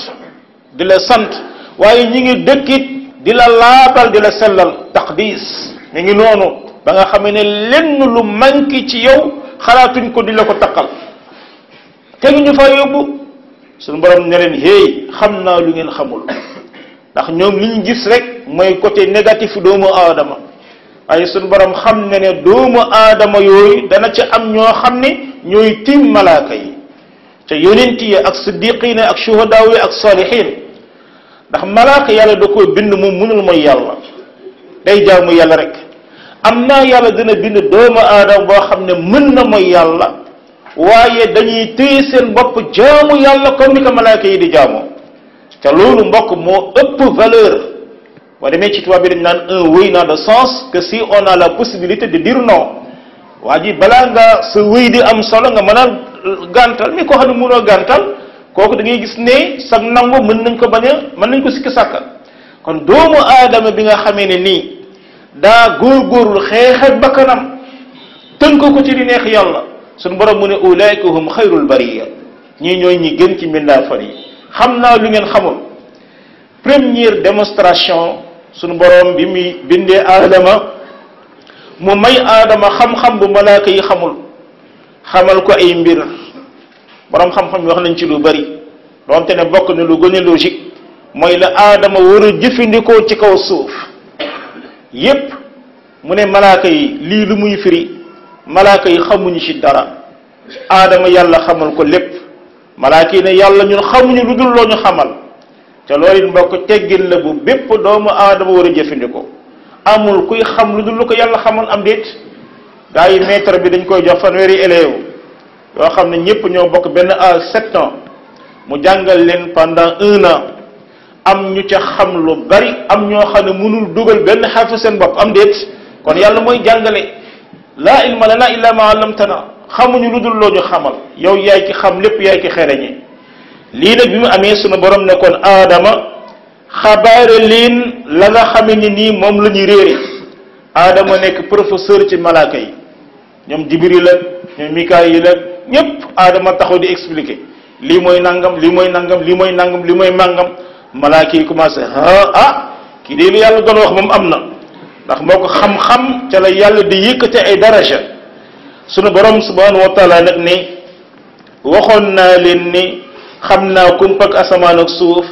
di la sant waaye ñi ngi dëkkit di la laabal di la sellal taqdis mi ngi noonu ba nga xam ne lenn lu manqué ci yow xalaatuñ ko di la ko taqal teg ñu fa yóbbu suñu borom ne leen xam naa lu ngeen xamul ndax ñoom li ñu gis rek mooy côté négatif doomu aadama waaye suñ borom xam ne ne doomu aadama yooy dana ci am ñoo xam ne ñooy tiim malaaka yi te yonent yi ak siddiqin ak shuhadaa yi ak saalihin ndax malaaka yàlla da koo bind mu munul mooy yàlla day jaamu yàlla rek am naa yàlla dina bind doomu aadama boo xam ne mën na mooy yàlla waaye dañuy téye seen bopp jaamu yàlla comme ni malaaka yi di jaamoo te loolu mbokk moo ëpp valeur boo demee ci tubaab bi dañ naan un n'a de sens que si on a la possibilité de dire non waa ji balaa nga sa wéy di am solo nga mën gàntal mais koo xam ne mënoo gàntal kooku da ngay gis ne sa nangu mën nañ ko bañ mën nañ ko sikki sàkka kon doomu aadama bi nga xamee ne nii daa góor góorgóorlu xeexat bakkanam tënk ko ci li neex yàlla suñu borom mu ne ulaayka hum xayrul bariya ñii ñooy ñi gën ci mbindaa fan yi xam naa lu ngeen xamul première démonstration sunu boroom bi muy bindee aadama mu may aadama xam-xam bu malaaka yi xamul xamal ko ay mbir boroom xam-xam yi wax nañ ci lu bari doonte ne bokk na lu gën mooy la aadama war a jëfandikoo ci kaw suuf yépp mu ne malaaka yi lii lu muy firi malaaka yi xamuñu ci dara adama yàlla xamul ko lépp malaaka yi ne yàlla ñun xamuñu lu dul loo xamal te loolu mbokk teggin la bu bépp doomu aadama war a jëfandikoo amul kuy xam lu dul lu ko yàlla xamoon am déet gaa yi maître bi dañ koy jox fanweeri élève yoo xam ne ñëpp ñoo bokk benn âge sept mu jàngal leen pendant un an am ñu ca xam lu bari am ñoo xam ne mënul dugal benn xarfu seen bopp am déet kon yàlla mooy jàngale laa ilma lana illa ma allamtana xamuñu lu dul loo ñu xamal yow yaay ki xam lépp yaay ki xereñe lii nag bi mu amee sunu boroom ne kon aadama xabaare leen la nga xame ni nii moom la ñu réere aadama nekk professeur ci malaaka yi ñoom jibril ak ñoom mikaayil ak ñépp aadama taxaw di expliquer lii mooy nangam lii mooy nangam lii mooy nangam lii mooy màngam malaaka yi commencé ah ah kii dee lu yàlla doon wax moom am na ndax moo ko xam-xam ca la yàlla di yëkkati ay daraja sunu borom subhanahu wa taala nag ni waxoon naa leen ni xam naa kumpak asamaan ak suuf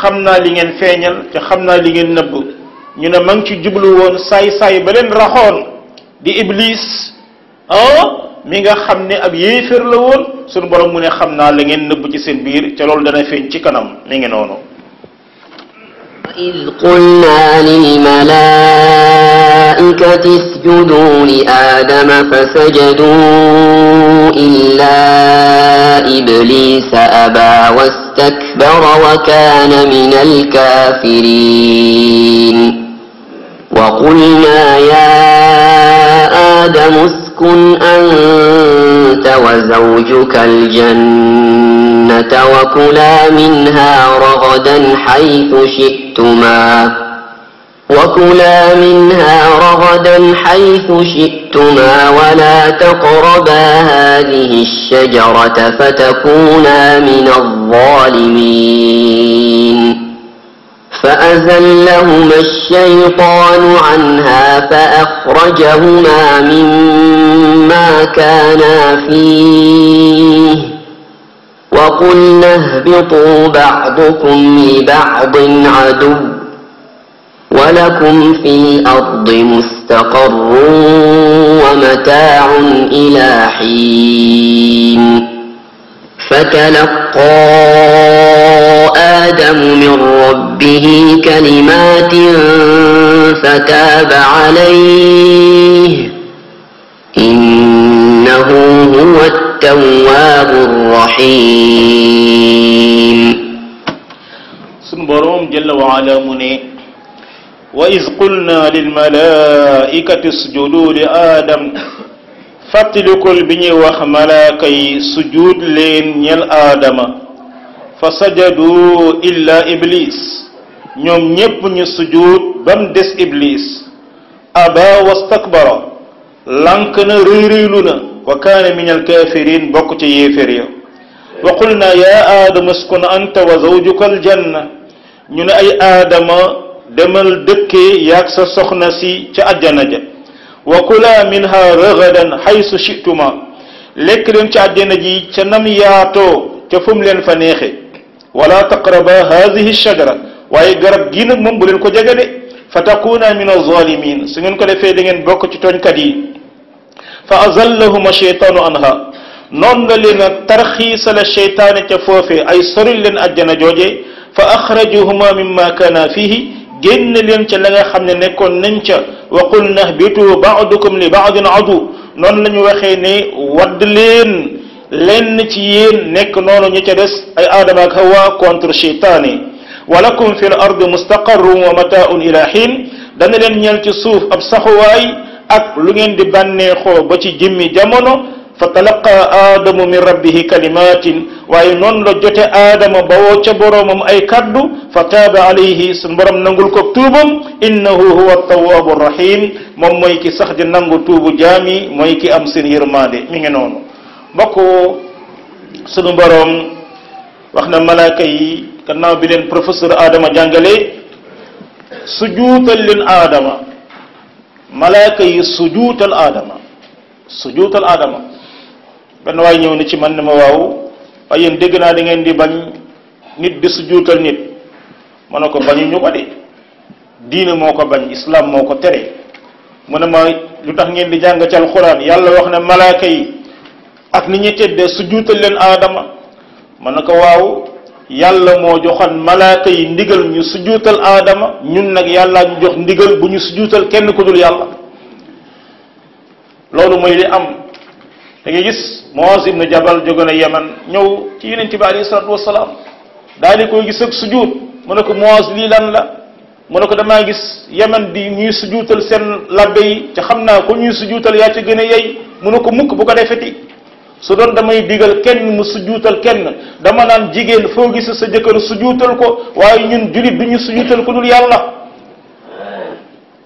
xam naa li ngeen feeñal te xam naa li ngeen nëbb ñu ne ma ngi ci jublu woon saay-saay ba leen raxoon di iblis ah mi nga xam ne ab yéefér la woon suñu borom mu ne xam naa la ngeen nëbb ci seen biir te loolu dana feeñ ci kanam mi ngi noonu إذ قلنا للملائكة اسجدوا لآدم فسجدوا إلا إبليس أبى واستكبر وكان من الكافرين وقلنا يا آدم اسكن أنت وزوجك الجنة وكلا منها رغدا حيث شئت شئتما وكلا منها رغدا حيث شئتما ولا تقربا هذه الشجرة فتكونا من الظالمين فأزلهما الشيطان عنها فأخرجهما مما كانا فيه وقلنا اهبطوا بعضكم لبعض عدو ولكم في الأرض مستقر ومتاع إلى حين فتلقى آدم من ربه كلمات فتاب عليه إنه هو التوبة التواب الرحيم سن بروم جل وعلا مني وإذ قلنا للملائكة اسجدوا لآدم fàttalikul bi ñuy wax malaaka yi sujuud leen ñel aadama fa sajadu illa iblis ñoom ñépp ñu sujuud bam des iblis aba wastakbara lànk na rëy rëylu na wa kaane min alkaafiriin bokk ci yéeféer ya wa qul naa yaa aadama uskun anta wa zawjuka aljanna ñu ne ay aadama demal dëkkee yaag sa soxna si ca àjjana ja wa kulaa minha ragadan xaysu shituma lekk leen ci àjjana ji ca nam yaatoo ca fu mu leen fa neexe wala taqraba haadihi shajara waaye garab gii nag moom bu leen ko jege de fa takuuna min alzalimin su ngeen ko defee da ngeen bokk ci tooñkat yi fa azallahuma cheytaanu anha noon nga leen a tarxiisala cheytaane ca foofe ay soril leen ajjana jooje fa axrajuhuma mimma kaana fihi génn leen ca la nga xam ne nekkoon nañ ca wa qulna ihbitu ba'dukum li ba'din adu noonu la ñu waxee ne wadd leen lenn ci yéen nekk noonu ñu ca des ay aadama ak hawa contre cheytaane wa lakum fi l ardi mustaqarrun wa mataun ila xiin dana leen ñeel ci suuf ab saxuwaay ak lu ngeen di bànneexoo ba ci jëmmi jamono fa talaqa aadamu min rabbihi kalimatin waaye noonu la jote aadama bawoo ca ay kaddu fa taaba alayhi sun borom nangul ko tuubam huwa tawaabu rahim moom ki sax di nangu tuubu jaami mooy ki am seen yërmaande mi ngi noonu mbokk sunu borom wax na malaaka yi gannaaw bi leen professeur aadama jàngale su aadama malaaka yi sujuutal aadama sujuutal aadama benn waay ñëw na ci man na ma waaw waaye yéen dégg naa da di bañ nit di sujuutal nit ma ne ko bañuñu ko de diine moo ko bañ islam moo ko tere mu ne ma lu tax ngeen di jàng ci alxuraan yàlla wax ne malaaka yi ak ni ñuy teddee sujuutal leen aadama mën ne ko waaw yàlla moo joxoon malaaka yi ndigal ñu sujjuutal aadama ñun nag yàlla ñu jox ndigal bu ñu sujjuutal kenn ku dul yàlla loolu mooy li am da ngay gis Muaz ibn Jabal jóge na yeman ñëw ci yonent bi alayhi salaatu wasalaam daal di gis ak sujjuut mu ne ko Muaz lii lan la mu ne ko damaa gis Yaman di ñuy sujjuutal seen labbe yi te xam naa ko ñuy sujjuutal yaa ci gën a yey mu ne ko mukk bu ko defeti su doon damay digal kenn mu sujuutal kenn dama naan jigéen foo gis sa jëkkër sujuutal ko waaye ñun julit du ñu sujuutal ko dul yàlla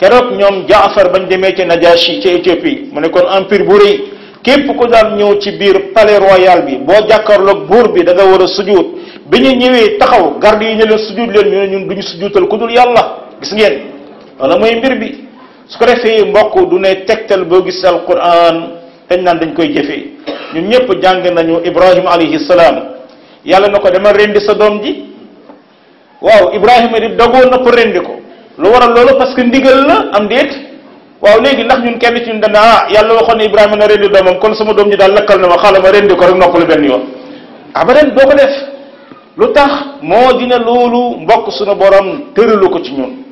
keroog ñoom jaafar bañ demee ci Najashi ci Éthiopie mu nekkoon empire bu rëy képp ko daan ñëw ci biir palais royal bi boo jàkkaarloog buur bi da war a sujuut bi ñu ñëwee taxaw garde yi ñu leen sujuut leen ñu ne ñun du ñu sujuutal ku dul yàlla gis ngeen wala mooy mbir bi su ko defee mbokk du ne tegtal boo gis alquran dañ naan dañ koy jëfee ñun ñëpp jàng nañu Ibrahima alayhi salaam yàlla na ko dama rendi sa doom ji waaw Ibrahima di dogoon na ko rendi ko lu waral loolu parce que ndigal la am déet waaw léegi ndax ñun kenn ci ñun dana ah yàlla waxoon ne Ibrahima na rendi doomam kon sama doom ji daal lakkal na ma xaaral ma rendi ko rek noppalu benn yoon abadan doo ko def lu tax moo dina loolu mbokk suñu borom tëralu ko ci ñun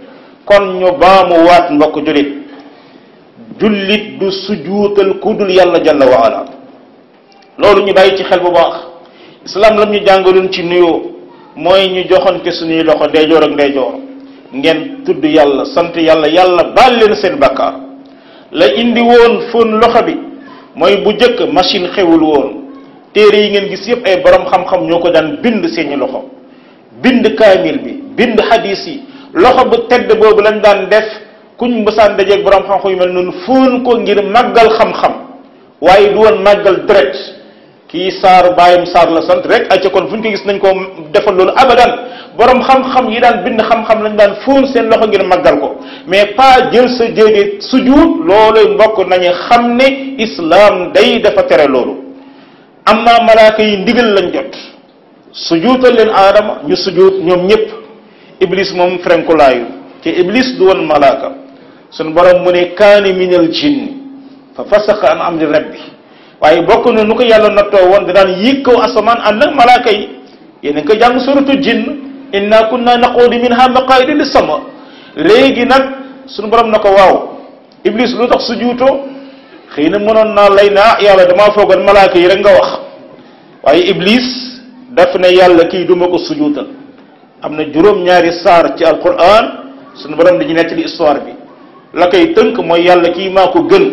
kon ñu baamu waat mbokk jullit jullit du sujuutal ku dul yàlla jalla waala loolu ñu bàyyi ci xel bu baax islam lam ñu jàngaloon ci nuyoo mooy ñu joxante suñuy loxo ndeyjoor ak ndeyjoor ngeen tudd yàlla sant yàlla yàlla baal leen seen bakkaar la indi woon fóon loxo bi mooy bu jëkk machine xewul woon téere yi ngeen gis yëpp ay borom xam-xam ñoo ko daan bind seeni loxo bind kaamil bi bind xadiis yi loxo bu tedd boobu lañ daan def kuñ basaan dajeeg borom xam-xam yu mel noonu fóon ko ngir màggal xam-xam waaye du woon màggal direct kii saar bàyyam saar la sant rek ay ca kon fu ñu ko gis nañ ko defal loolu abadan borom xam-xam yi daan bind xam-xam lañu daan fóon seen loxo ngir màggal ko mais pas jël sa jéede sujuut loolu nañu xam ne islaam day dafa tere loolu am naa malaaka yi ndigal lañ jot sujuutal leen aadama ñu sujuut ñoom ñëpp iblis moom frenkulaayu te iblis du woon malaaka suñu borom mu ne kaani minal jinn fa fasaqa an amri rabbi waaye bokk na nu ko yàlla nattoo woon da daan yéeg kaw asamaan a ak malaaka yi yéen a ngi ko jàng suratu jinn inna kunna naquudu minha maqaida li sama léegi nag suñu borom na ko waaw iblis lu tax su juutoo xëy na mënoon naa lay na ah, yàlla damaa foogoon malaaka yi rek nga wax waaye iblis daf na yàlla kii duma ko sujuutal am na juróom-ñaari saar ci alquran suñu borom dañu nekk li histoire bi la koy mooy yàlla kii maa ko gën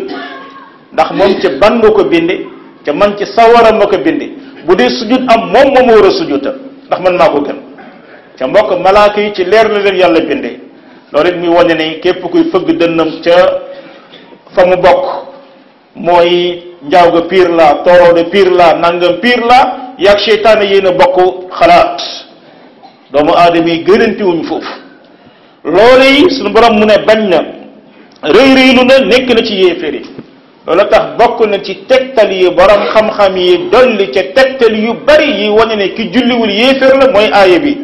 ndax moom ca ban nga ko binde ca man ci sawara ma ko binde bu dee sujut am moom moom war a sujuta ndax man maa ko gën ca mbokk malaaka yi ci leer la leen yàlla binde loolu it muy wane képp kuy fëgg dënnam ca fa mu bokk mooy njaaw ga piir la tooroo piir laa nangam piir la yaag seytaane yéen a bokk xalaat doomu aadama yi gënantiwuñ foofu loolu yi suñu borom mu ne bañ na rëy rëylu na nekk na ci yéeféer yi loola tax bokk na ci tegtal yi borom xamxam xam yi dolli ca tegtal yu bari yi wane ne ki julliwul yéeféer la mooy aaya bi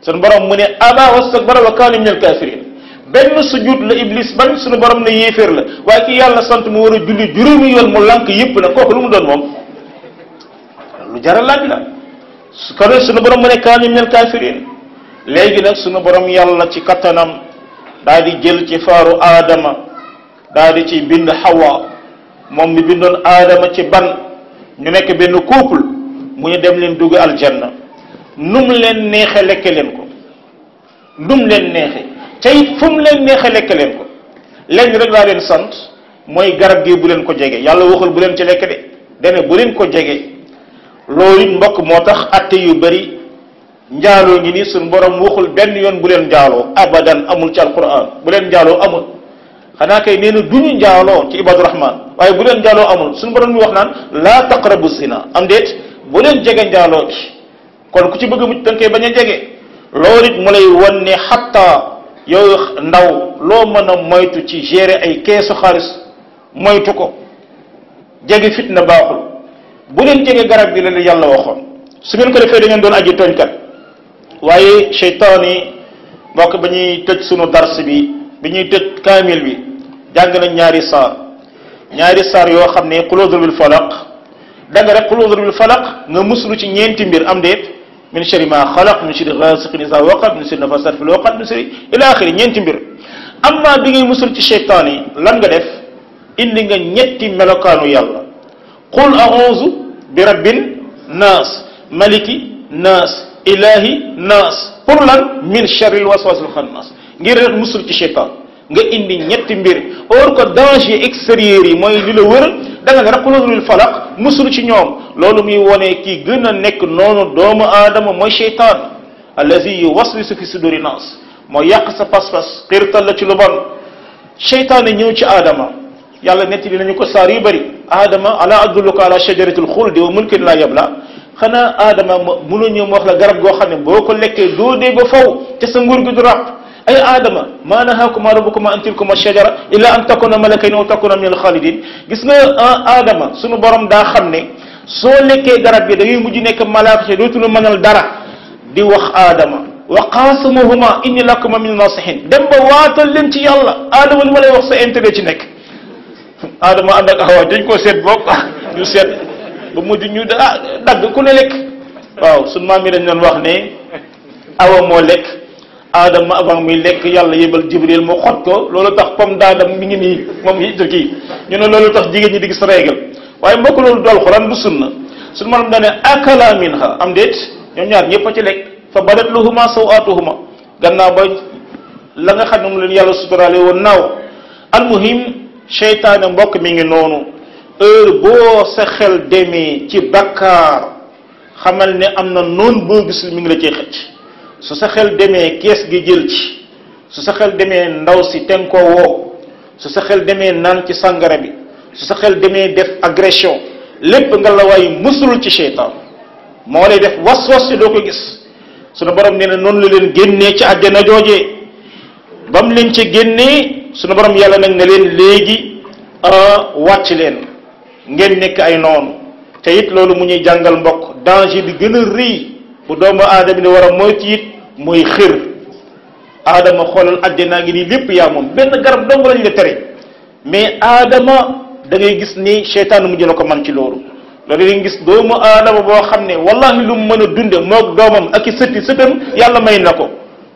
sunu borom mu ne aba wastakbara wa kaana minal kaafiriin benn sujud la iblis bañ sunu borom ne yéeféer la waaye ki yàlla sant mu war a julli juróomi yoon mu lànk yépp nag kooku lu mu doon moom lu jara laaj la su ko sunu borom mu ne kaana minal kaafiriin léegi nag sunu borom yàlla ci kattanam daal di jël ci faaru aadama daal ci bind xawa moom mi bindoon aadama ci ban ñu nekk benn couple mu ñu dem leen dugg aljanna num leen neexe lekke leen ko num leen neexe ca it fu mu leen neexe lekke leen ko leen rek laa leen sant mooy garab gi bu leen ko jege yàlla waxul bu leen ci lekk de dane bu leen ko jege loolu it mbokk moo tax atte yu bari njaaloo ngi ni suñ borom waxul benn yoon bu leen njaaloo abadan amul ci alquran bu leen njaaloo amul xanaa kay nee na du ñu njaaloo ci ibadu waaye bu leen njaaloo amul suñu borom ñu wax naan laa taqrabu zina am déet bu leen jege njaaloo ci kon ku ci bëgg mucc da nga a jege loolu it mu lay wan ne xatta yow ndaw loo mën a moytu ci gérer ay keesu xaalis moytu ko jege fitna baaxul bu leen jege garab yi la yàlla waxoon su ngeen ko defee da ngeen doon aji tooñkat waaye seytaan yi mbokk ba ñuy tëj sunu dars bi bi ñuy tëj kaamil bi jàng nañ ñaari saar ñaari saar yoo xam ne qul a'uudu birabbil falaq danga rek qul a'uudu birabbil falaq nga muslu ci ñeenti mbir am déet min sharri maa xalaq min sharri gaasiqin izaa waqab min sharri nafaasaati fil uqad min sharri ilaa ñeenti mbir amma bi ngay muslu ci seytaan yi lan nga def indi nga ñetti melokaanu yàlla qul a'uudu birabbin naas maliki naas ilaahi naas pour lan min sharri l waswaasil xannaas ngir musul ci seytaan nga indi ñetti mbir or que danger extérieur yi mooy li la wër da nga ne raqulul falaq musul ci ñoom loolu muy wone kii gën a nekk noonu doomu aadama mooy seytaan allazi yuwaswisu fi suduri nas mooy yàq sa pas-pas xiirtal la ci lu bon seytaane ñëw ci aadama yàlla netti bi nañu ko saar yu bëri aadama ala adulluka ala shajaratil xuldi wa mulkin la yabla xanaa aadama mënoo ñëw mu wax la garab goo xam ne boo ko lekkee doo dee ba faw te sa nguur gi ay aadama maa nahaakumaa rabbukumaa an tilkumaa shajara illaa an takuuna malakayni wa takuuna min alxaalidin gis nga aadama ah, sunu borom daa xam ne soo lekkee garab bi da ngay mujj nekk malaaka te dootu la mënal dara di wax aadama wa qaasamahuma inni lakuma min nasihin dem ba waatal leen ci yàlla aadama li ma lay wax sa intérêt ci nekk aadama ànd ak awa dañ koo seet bokk <laughs> ñu seet ba mujj ñu dagg ku ne lekk waaw sunu maam yi dañ doon wax ne awa moo lekk aadama avant muy lekk yàlla yebal jibril mu xot ko loolu tax pomme d'Adam mi ngi nii moom i dëkk yi ñu ne loolu tax jigéen ñi di gis régal waaye mbokk loolu du alxuraan du sunna su maanaam daa ne akala minha am déet ñoom ñaar ñëpp a ci lekk fa badat lahuma sawatuhuma gannaaw ba la nga xam ne mu leen yàlla suturaale woon naaw almuhim seytaane mbokk mi ngi noonu heure boo sa xel demee ci bakkaar xamal ni am na noon boo gis mi ngi la cee xëcc su sa xel demee kees gi jël ci su sa xel demee ndaw si ten koo woo su sa xel demee naan ci sàngara bi su sa xel demee def agression lépp nga la waay musul ci seytaan moo lay def was-was si doo ko gis sunu borom nee na noonu la leen génnee ci àjjana joojee ba mu leen ci génnee sunu borom yàlla nag ne leen léegi wàcc leen ngeen nekk ay noonu te it loolu mu ñuy jàngal mbokk danger bi gën a rëy bu doomu aadama ni war a moytu mooy xër aadama xoolal àjjanaa ngi nii lépp yaa moom benn garab dong lañu la tere mais aadama da ngay gis ni seytaane mu jëla ko man ci loolu loolu dañuy gis doomu aadama boo xam ne wallahi lu mu mën a dunde moog doomam ak i sëti sëtam yàlla may na ko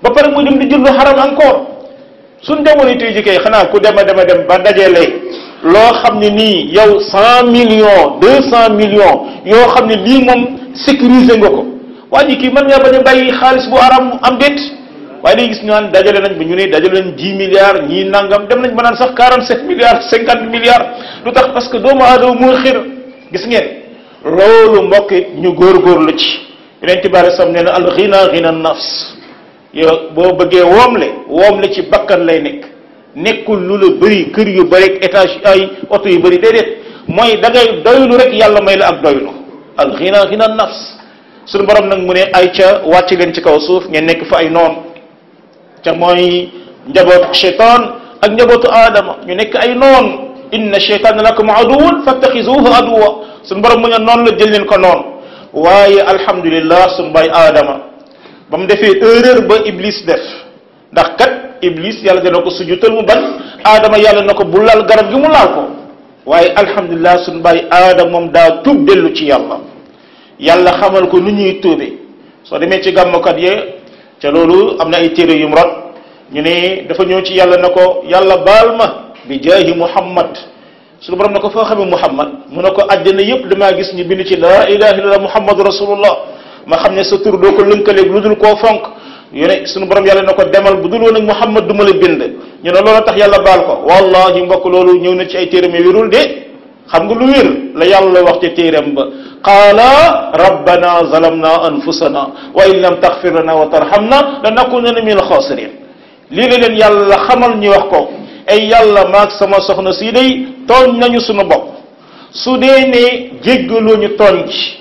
ba pare muy dem di jël lu xaram encore suñ demoon tey jii kay xanaa ku dem a dem a dem ba dajale loo xam ne nii yow cent millions deux cent millions yoo xam ne lii moom sécuriser nga ko waa ji kii mën ngaa bañ a bàyyi xaalis bu aram am déet waaye dañuy gis ñu naan dajale nañ bi ñu nee dajale nañ 10 milliards ñii nangam dem nañ ba naan sax 47 milliards 50 milliards lu tax parce que doomu aadama moo xir gis ngeen loolu mbokk ñu góor góor la ci yeneen tibaare sam nee na al ghina ghina nafs yow boo bëggee woomle woomle ci bakkan lay nekk nekkul lu la bëri kër yu bëri ak ay oto yu bëri déedéet mooy da ngay doylu rek yàlla may la ak doylu suñu borom nag mu ne ay ca wàcc leen ci kaw suuf ngeen nekk fa ay noon ca mooy njabootu cheytaan ak njabootu adama ñu nekk ay noon inna cheytaana lakum aduwun fattaxisuhu aduwa suñu borom mu ne noonu la jël leen ko noon waaye alhamdulillah suñu bay aadama ba mu defee erreur ba iblis def ndax kat iblis yàlla dana ko sujutal mu ban aadama yàlla na ko bu laal garab gi mu laal ko waaye alhamdulillah suñu bay aadama moom daa dellu ci yàlla yàlla xamal ko nu ñuy tuube soo demee ci gàmmkat ye ca loolu am na ay téere yu mu ñu ne dafa ñëw ci yàlla na ko yàlla baal ma bi jaahi muhammad suñu borom na ko foo xamee muhammad mu ne ko àjjana yëpp damaa gis ñi bind ci laa ilaha illallah muhammadu rasulullah ma xam ne sa tur doo ko lënkaleeg lu dul koo fonk yone sunu borom yàlla na ko demal bu dul woon ak muhammad du ma la bind ñu ne loolu tax yàlla baal ko wallahi mbokk loolu ñëw na ci ay téere mais de xam nga lu wér la yàlla wax ca téeram ba qaala rabbana zalamna anfusana wa in lam taxfir lana wa tarhamna lanakunanna min alxaasirin lii la leen yàlla xamal ñu wax ko ay yàlla maag sama soxna si day nañu suñu bopp su dee ne jéggaloo ñu tooñ ci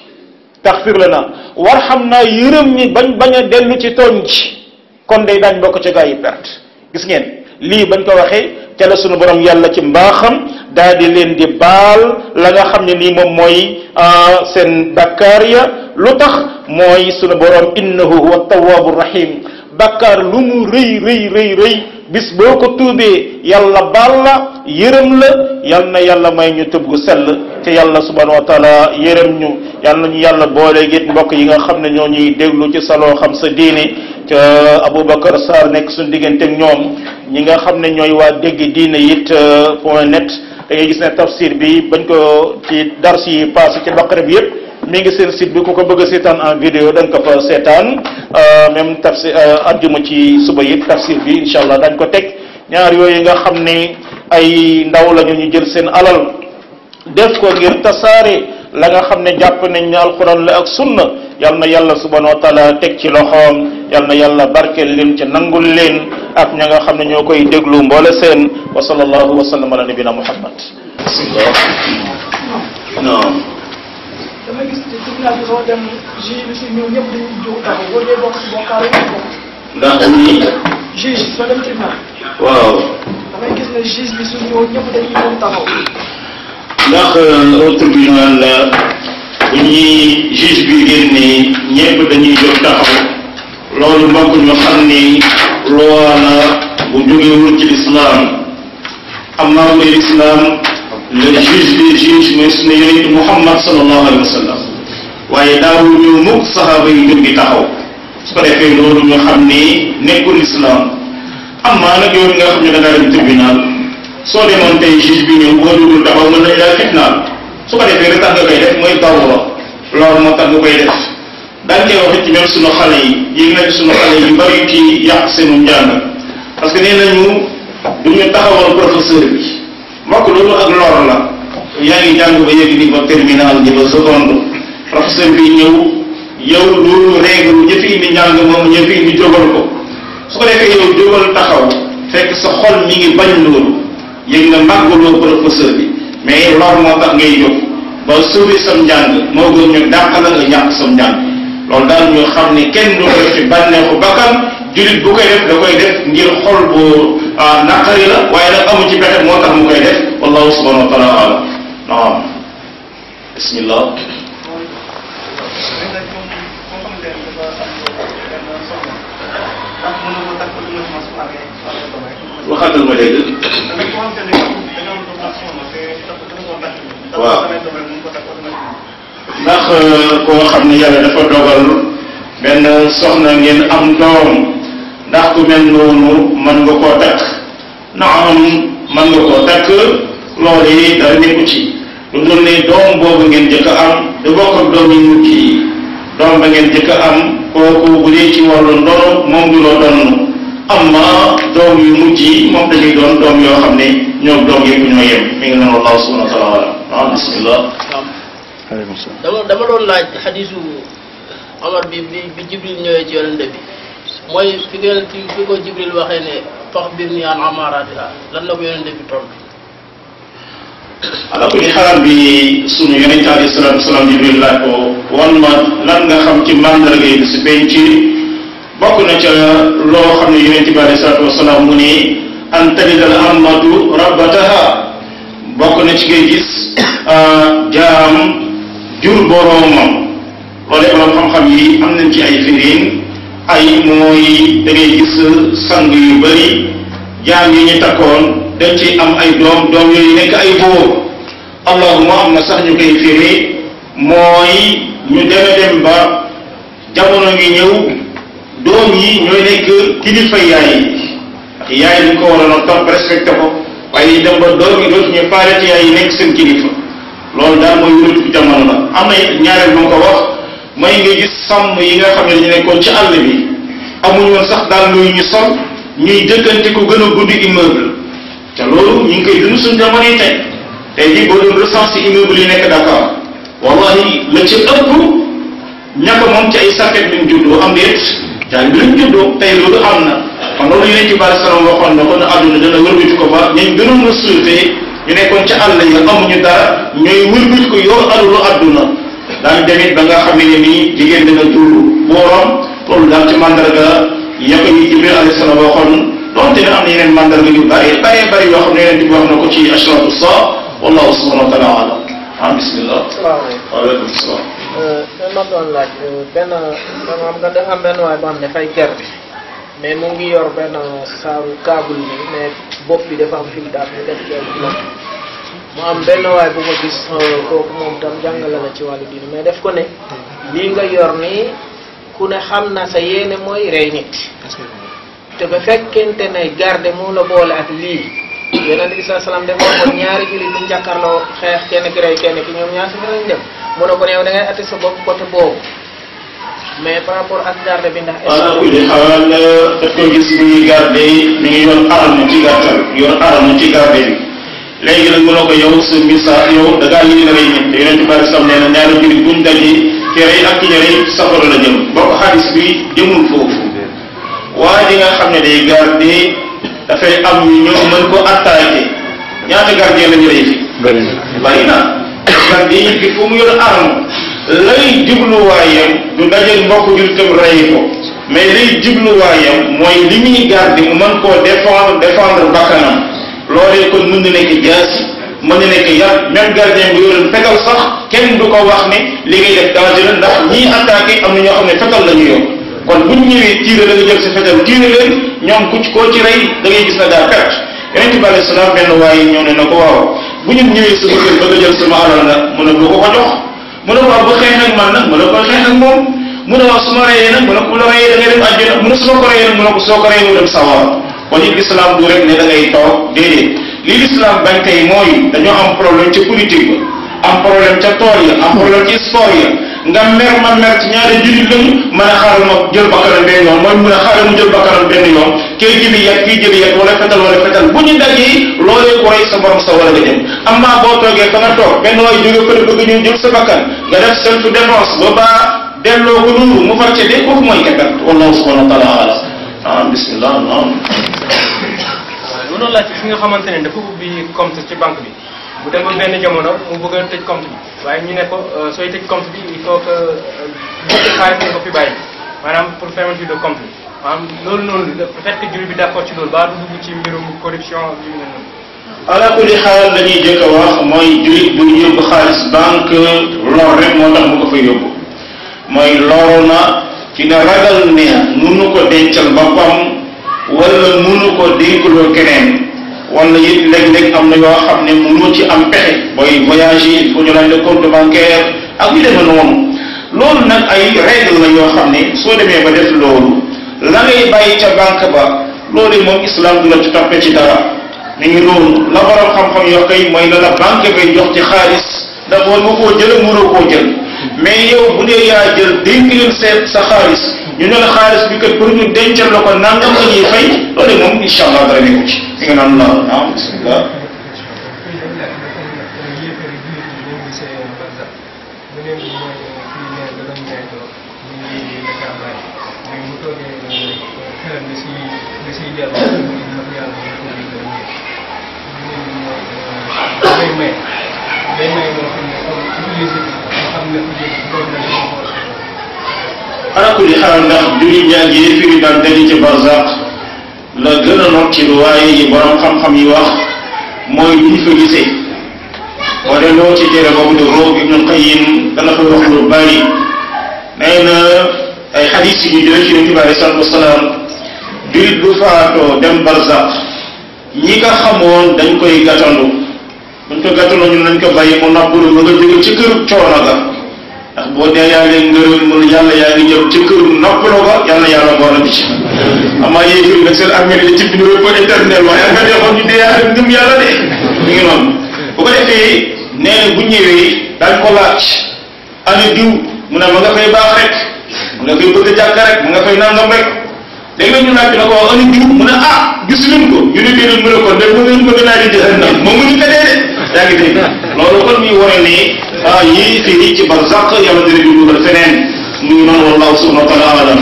taxfir lana warhamna yërëm ñi bañ bañ a dellu ci tooñ ci kon day daañ bokk ca gaa yi perte gis ngeen lii bañ ko waxee ca sunu borom yàlla ci mbaaxam daal di leen di baal la nga xam ne nii moom mooy ah, seen bakkaar ya lu tax mooy sunu borom innahu huwa tawaabu rahim bakkaar lu mu rëy rëy rëy rëy bis boo ko tuubee yàlla baal la yërëm la yal na yàlla may ñu tëb gu sell te yàlla subhanahu wa taala yërëm ñu yal na ñu yàlla boole gi mbokk yi nga xam ne ñoo ñuy déglu ci saloo xam sa diini ca Aboubacar Sarr nekk suñu diggante ak ñoom ñi nga xam ne ñooy waa dégg diine it euh, point net da gis ne tafsir bi bañ ko ci dars yi passé ci baqara bi yëpp mi ngi seen site bi ku ko bëgg a seetaan en vidéo da nga ko fa seetaan euh, même tafsir euh, àjjuma ci suba it tafsir bi incha allah dañ ko teg ñaar yooyu nga xam ne ay ndaw lañu ñu jël seen alal def ko ngir tasaare. la nga xam ne jàpp nañ ne alquran la ak sunna yal na yàlla subhanahu wa taala teg ci loxoom yal na yàlla barkeel leen ci nangul leen ak ña nga xam ne ñoo koy déglu mboole seen wa nabina muhammad ndax euh, au tribunal euh, bu ñuy juge bi génne ñëpp dañuy jóg taxaw loolu mbokk ñu xam ni loi la bu jógewul ci islam am naa ne islam le juge des juges mooy suñu Muhammad sallallahu alayhi wa sallam waaye daawu ñu mukk saxaaba yi jóg di taxaw ni nekkul islam am naa nag yow nga xam ne da soo demoon tey juge bi ñëw boo dugul dabaw mën nañ daal fitnaal su ko defee rek nga koy def mooy daw la loolu moo tax nga koy def daan koy wax ci même sunu xale yi yéegi nañ sunu xale yi bari ci yàq seenu njàng parce que nee nañu du ñu taxawal bi mbokk loolu ak lor la yaa ngi jàng ba yegg ni ba terminal ni ba seconde professeur bi ñëw yow loolu règle ñëpp indi njàng moom ñëpp indi jógal ko su ko defee yow jógal taxaw fekk sa xol mi ngi bañ loolu yëg nga màggaloo professeur bi mais loolu moo tax ngay jóg ba suuri sam njàng moo gën ñu dàq la nga ñàkk sam njàng loolu daal ñu xam ne kenn du ko fi bànneexu bakkan jullit bu koy def da koy def ngir xol bu ah, naqari la amu ci pexe moo tax mu koy def wallahu naam bismillah waxaatal ma dégg. waaw ndax euh, koo xam ne yàlla dafa dogal benn soxna ngeen am doom ndax ku mel noonu mën nga koo takk naam mën nga koo takk loolu yi dara nekku ci lu dul ne doom boobu ngeen jëkk am da bokk ak doom yi doom ba ngeen jëkk am kooku bu dee ci wàllu ndono moom du loo donn amma doom yu mujj moom dañuy doom yoo xam ne ñoom doom yëpp ñoo yem mi ngi leen wallahu subhanahu wa taala alam ah, waaw bismillah dama doon laaj xadisu Omar bi bi Jibril ñëwee ci yonente bi mooy fi ko Jibril waxee ne fax bir ni an amaaraatiha lan la ko yonente bi tontu ala kulli xaal bi sunu yonente alayhi Jibril laaj ko wan ma lan nga xam ci mandarga yi si penc bokk na ca loo xam ne yonente bi alei salatu wasalaam mu ne an talidal rabbataha bokk na ci ngay gis <coughs> ah, jaam jur boroomam loole borom xam-xam yi am nañ ci ay firin ay mooy da ngay gis sang yu bari jaam yi ñu takkoon dañ ci am ay doom doom yooyu nekk ay bóor allahuma am na sax ñu koy firi mooy ñu deme dem ba jamono ngi ñëw doom yi ñooy nekk kilifa yaay yi ndax yaay dañ ko waroon a topp respecté ko waaye dañu dem ba doom yi dootuñu yaay yi nekk seen kilifa loolu daal mooy wéru jamono la am na ñaareel bu ma ko wax mooy nga gis sàmm yi nga xam ne dañu nekkoon ci àll bi amuñu woon sax daal loolu ñu sol ñuy dëkkante ku gën a guddi immeuble te loolu ñu ngi koy dund suñu jamono yi tey tey jii boo doon recensé immeuble yi nekk Dakar wallahi la ci ëpp ñàkk moom ci ay safet bi ñu juddoo am daal bi lañ juddoo tey loolu am na xam loolu yeneen ci bari salaam waxoon na ko ne àdduna dana wëlbati ko ba ñañ gënoon a suufee ñu nekkoon ca àll ya amuñu dara ñooy wëlbati ko yow alalu àdduna daan demit ba nga xam ne nii jigéen dana jur boorom loolu daal ci mandarga ya ko yi Jibril alayhi salaam waxoon donte ne am na yeneen mandarga yu bari bari bari yoo xam ne yeneen di wax na ko ci ashratu saa wallahu subhanahu dama euh, la doon laaj euh, benn xam nga dafa am benn waay mais mu ngi yor benn saaru kaabul bi mais bopp bi dafa am fii daal mu def ger mu am benn waay bu ko gis euh, kooku moom tam jàngale na ci wàllu diine mais def ko ne lii nga yor nii ku ne xam na sa yéene mooy rey nit te ba fekkente ne garde moo la boole ak lii yonent bi saa salaam dem moo kon ñaari jullit ñu jàkkaarloo xeex kenn ki rey kenn ki ñoom ñaar si fa lañ ko ne yow da ngay atte sa bopp côté boobu mais par rapport ak garde bi ndax. waaw kuy de xamal daf ko gis mi ngi garde mi ngi nag mënoo ko yow sa misaal yow da ngaa lii da ngay ñett yonent bi saa nee na ñaari jullit buñ daje ki rey ak ki ñu rey safara la jëm xaalis bi jëmul foofu waa ji xam ne day garde. dafay am ñu ñëw mën ko attaqué ñaata gardien lañu ñu rey ci. bëri na bëri na. gardien bi mu yor arme lay jubluwaayam du dajal mbokk jullitam rey ko mais lay jubluwaayam mooy li muy garder mu mën koo défendre défendre bakkanam loolee kon mën na nekk jaasi. mën na nekk yar même gardien bu yoroon fekkal sax kenn du ko wax ne li ngay def danger ndax ñii attaqué am na ñoo xam ne fekkal la ñu yor kon bu ñu ñëwee tiire la nga jël sa fetal tiire leen ñoom ku ci koo ci rey da ngay gis na daa perte yonent bi alayhi salaam na ko waaw bu ñu ñëwee sama kër ba nga nag a ko a waaw ba xeex ak man nag mën a ko xeex ak moom ma a ko la su ma ko reyee nag a ko soo ko reyee mu dem sawar kon it lislaam du rek ne da ngay bañ tey mooy dañoo am problème ca politique ba am problème ca tool ya am problème ci sport nga mer ma mer ci ñaari jullit lañu man a xaaral ma jël bakkanam benn yoon mooy mun a xaaral mu jël bakkanam benn yoon kee jëli yat kii jëli yat wala fetal wala fetal bu ñu dajee loolee ku rey sa borom sa wala nga am naa boo toogee fa nga toog benn waay jóge fële bëgg ñu jël sa bakkan nga def self défense ba baa delloo ko mu fàcce de kooku mooy ka perte wallahu subhanahu wa taala ala ah bismillah noonu. waaw loolu nga xamante ne dafa ubbi compte ci banque bi. bu dem ba jamono mu bëgg a tëj compte bi waaye ñu ne ko euh, sooy tëj compte bi il faut que euh, ñu xaalis nga ko fi bàyyi maanaam pour fermeture de compte bi maanaam loolu noonu le fait que jury bi ci loolu baa du ci mbirum corruption ak yu xaal la jëkk a wax mooy jullit du yóbbu xaalis banque lor rek moo tax mu ko fa yóbbu mooy loru na ci ne ragal ne munu ko dencal boppam wala munu ko dénkuloo keneen. wala it léeg-léeg am na yoo xam ne mënoo ci am pexe booy voyage il faut ñu laaj le compte bancaire ak yu demee noonu loolu nag ay règle la yoo xam ne soo demee ba def loolu la ngay bàyyi ca banque ba loolu moom islam du la ci toppee ci dara ni ngi loolu la borom xam-xam yoo koy mooy la la banque bay jox ci xaalis d'abord nga koo jël mënoo ko jël mais yow bu dee yaa jël di leen seet sa xaalis ñu ne la xaalis bi kat pour ñu dencal la ko nangam la ñuy fay loolu moom a allah dara nekku ci fi naam bismillah kulli xaal ndax jullit ñaag yéefir yi daan daje ci barzaq la gën a not ci waaye yi borom xam-xam yi wax mooy luñ fa gisee boo delloo ci téere boobu di Ruuh Ibnul Qayyim dana fa wax lu bari nee ay xadis yi ñu jëlee ci yonent bi aleyhi salaatu wasalaam faatoo dem barzaq ñi nga xamoon dañ koy gàttandu buñ ko gàttandoo ñun nañ ko bàyyi mu noppalu ba nga jóge ci kër coono ga ndax boo dee yaa ngi ngërëmul yàlla yaa ngi ñëw ci këru noppaloo ba yàlla yàlla boole bi ci amaa yéen fii nag seen armée li ci bind ba éternel waaye ak nga xam ñu dee yaa ngëm yàlla de mi ngi noonu bu ko defee nee na bu ñëwee dañ ko laaj ana diw mu ne ma nga fay baax rek mu nga fay bëgg a jàkk rek mu nga fay nangam rek léegi nag ñu laaj na ko ana diw mu ne ah gis nañ ko ñu ne déedéet mu ne ko def mu ne ko dinaa di jël nag moom mu ñu ko dee de yaa ngi dégg loolu kon muy wane ni ah yii fii ci barzaq yàlla dina ñu dugal mu ngi noonu wallahu subhanahu wa taala alam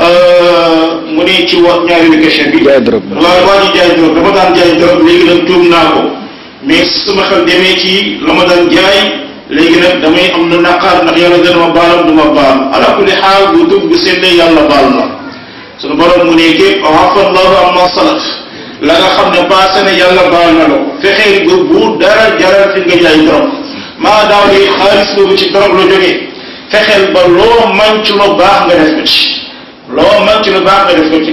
euh, mu ne ci wa ñaareelu question bi. jaay dërëb waaw waa ji jaay dërëb dama daan jaay dërëb léegi nag tuub naa ci la ma daan jaay na naqaar ndax yàlla dana ma baalam du ma baal ala kulli xaal bu tuub bu seetlee yàlla baal na sunu borom mu ne képp afaallaahu amma salaf la nga ne passé na yàlla baal na la fexeel ba bu dara jaral fi nga jaay torop maa daaw xaalis boobu ci torop la jógee ba loo man ci lu baax nga def ko ci loo ci lu baax nga def ko ci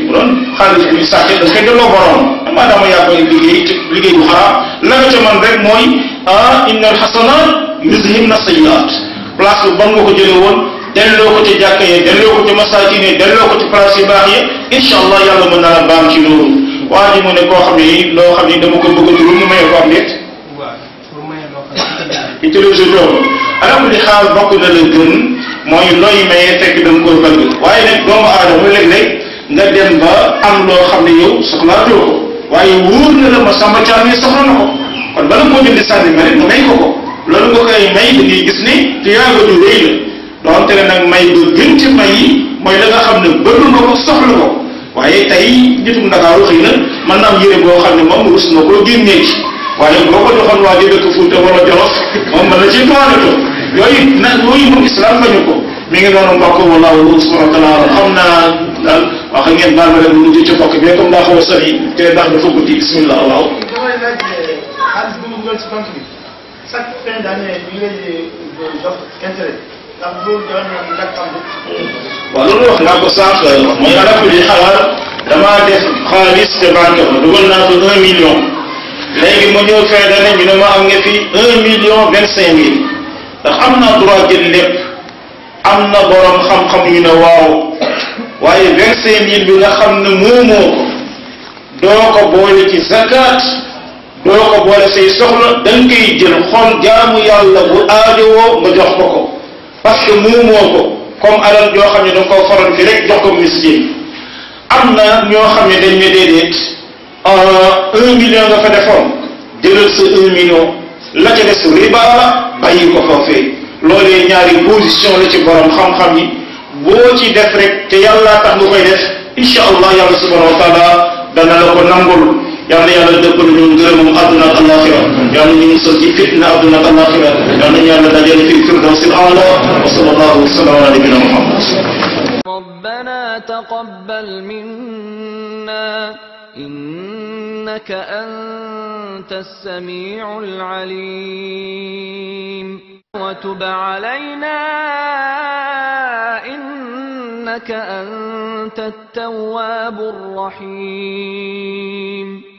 xaalis bu ñu sàkkee da maa dama yaa koy liggéey ci liggéey bu xaraam la nga ca man rek mooy ah inna alxasanaat yuzhibna sayyi'aat place bu bon nga ko jëlee delloo ko ci jàkka delloo ko ci masaakin delloo ko ci place yu baax yi incha allah yàlla mën naa la baal ci loolu waa ji mu ne koo xam ne loo ko bëgg a dugg mu maye ko am nit. utiliser loolu anam li xaal bokk na la gën mooy looy maye fekk da nga koo bëgg waaye nag doomu aadama léeg-léeg nga dem ba am loo xam ne yow soxlaatoo ko waaye wóor na la ma moo la doonte ne nag may ba gën ci may mooy la nga xam ne bëgg nga ko soxla ko waaye tey nitum Ndakaaru a na mën na am yére boo xam ne moom rus na koo génnee waaye boo ko joxoon waa di dëkk Fuuta wala Jolof moom mën a ci toilette yooyu na yooyu moom islam bañu ko mi ngi noonu mbokk wallahu subhanahu wa taala xam naa daal wax ngeen baal ma dem mujj ci bokk bi comme daa xaw a sori te ndax dafa guddi bismillah waaw chaque waaw loolu wax naa ko sànq bi xaalis te banque ma dugal naa ko un million léegi ma ñëw fin d'année ñu ne ma am nga fi un million vingt cinq mille ndax am naa am na borom xam-xam yu ne waaw waaye vingt cinq bi nga xam ne moomoo boole ci zakat doo boole say soxla da nga koy jël xool jaamu yàlla bu aajowoo jox ko ko parce que comme alal joo xam ne da nga koo faroon fii rek jox ko miskin am na ñoo xam ne dañ ne déedéet euh, un million nga defoon jëlal sa un la ca des riba la bàyyi ko foofee loolee ñaari position la ci borom xam-xam yi boo ci def rek te yàlla tax nga koy def incha allah yàlla subhanahu wa taala dana la ko nangul yal na yàlla dëppal ñu ngërëmam àdduna ak alaxira yal na ñu sol ci fitna àdduna ak alaxira yal na yàlla dajale fi firdawsil aala wa sallallahu wa sallam ala nabina muhammad rabbana taqabbal minna إنك أنت السميع العليم وتب علينا إنك أنت التواب الرحيم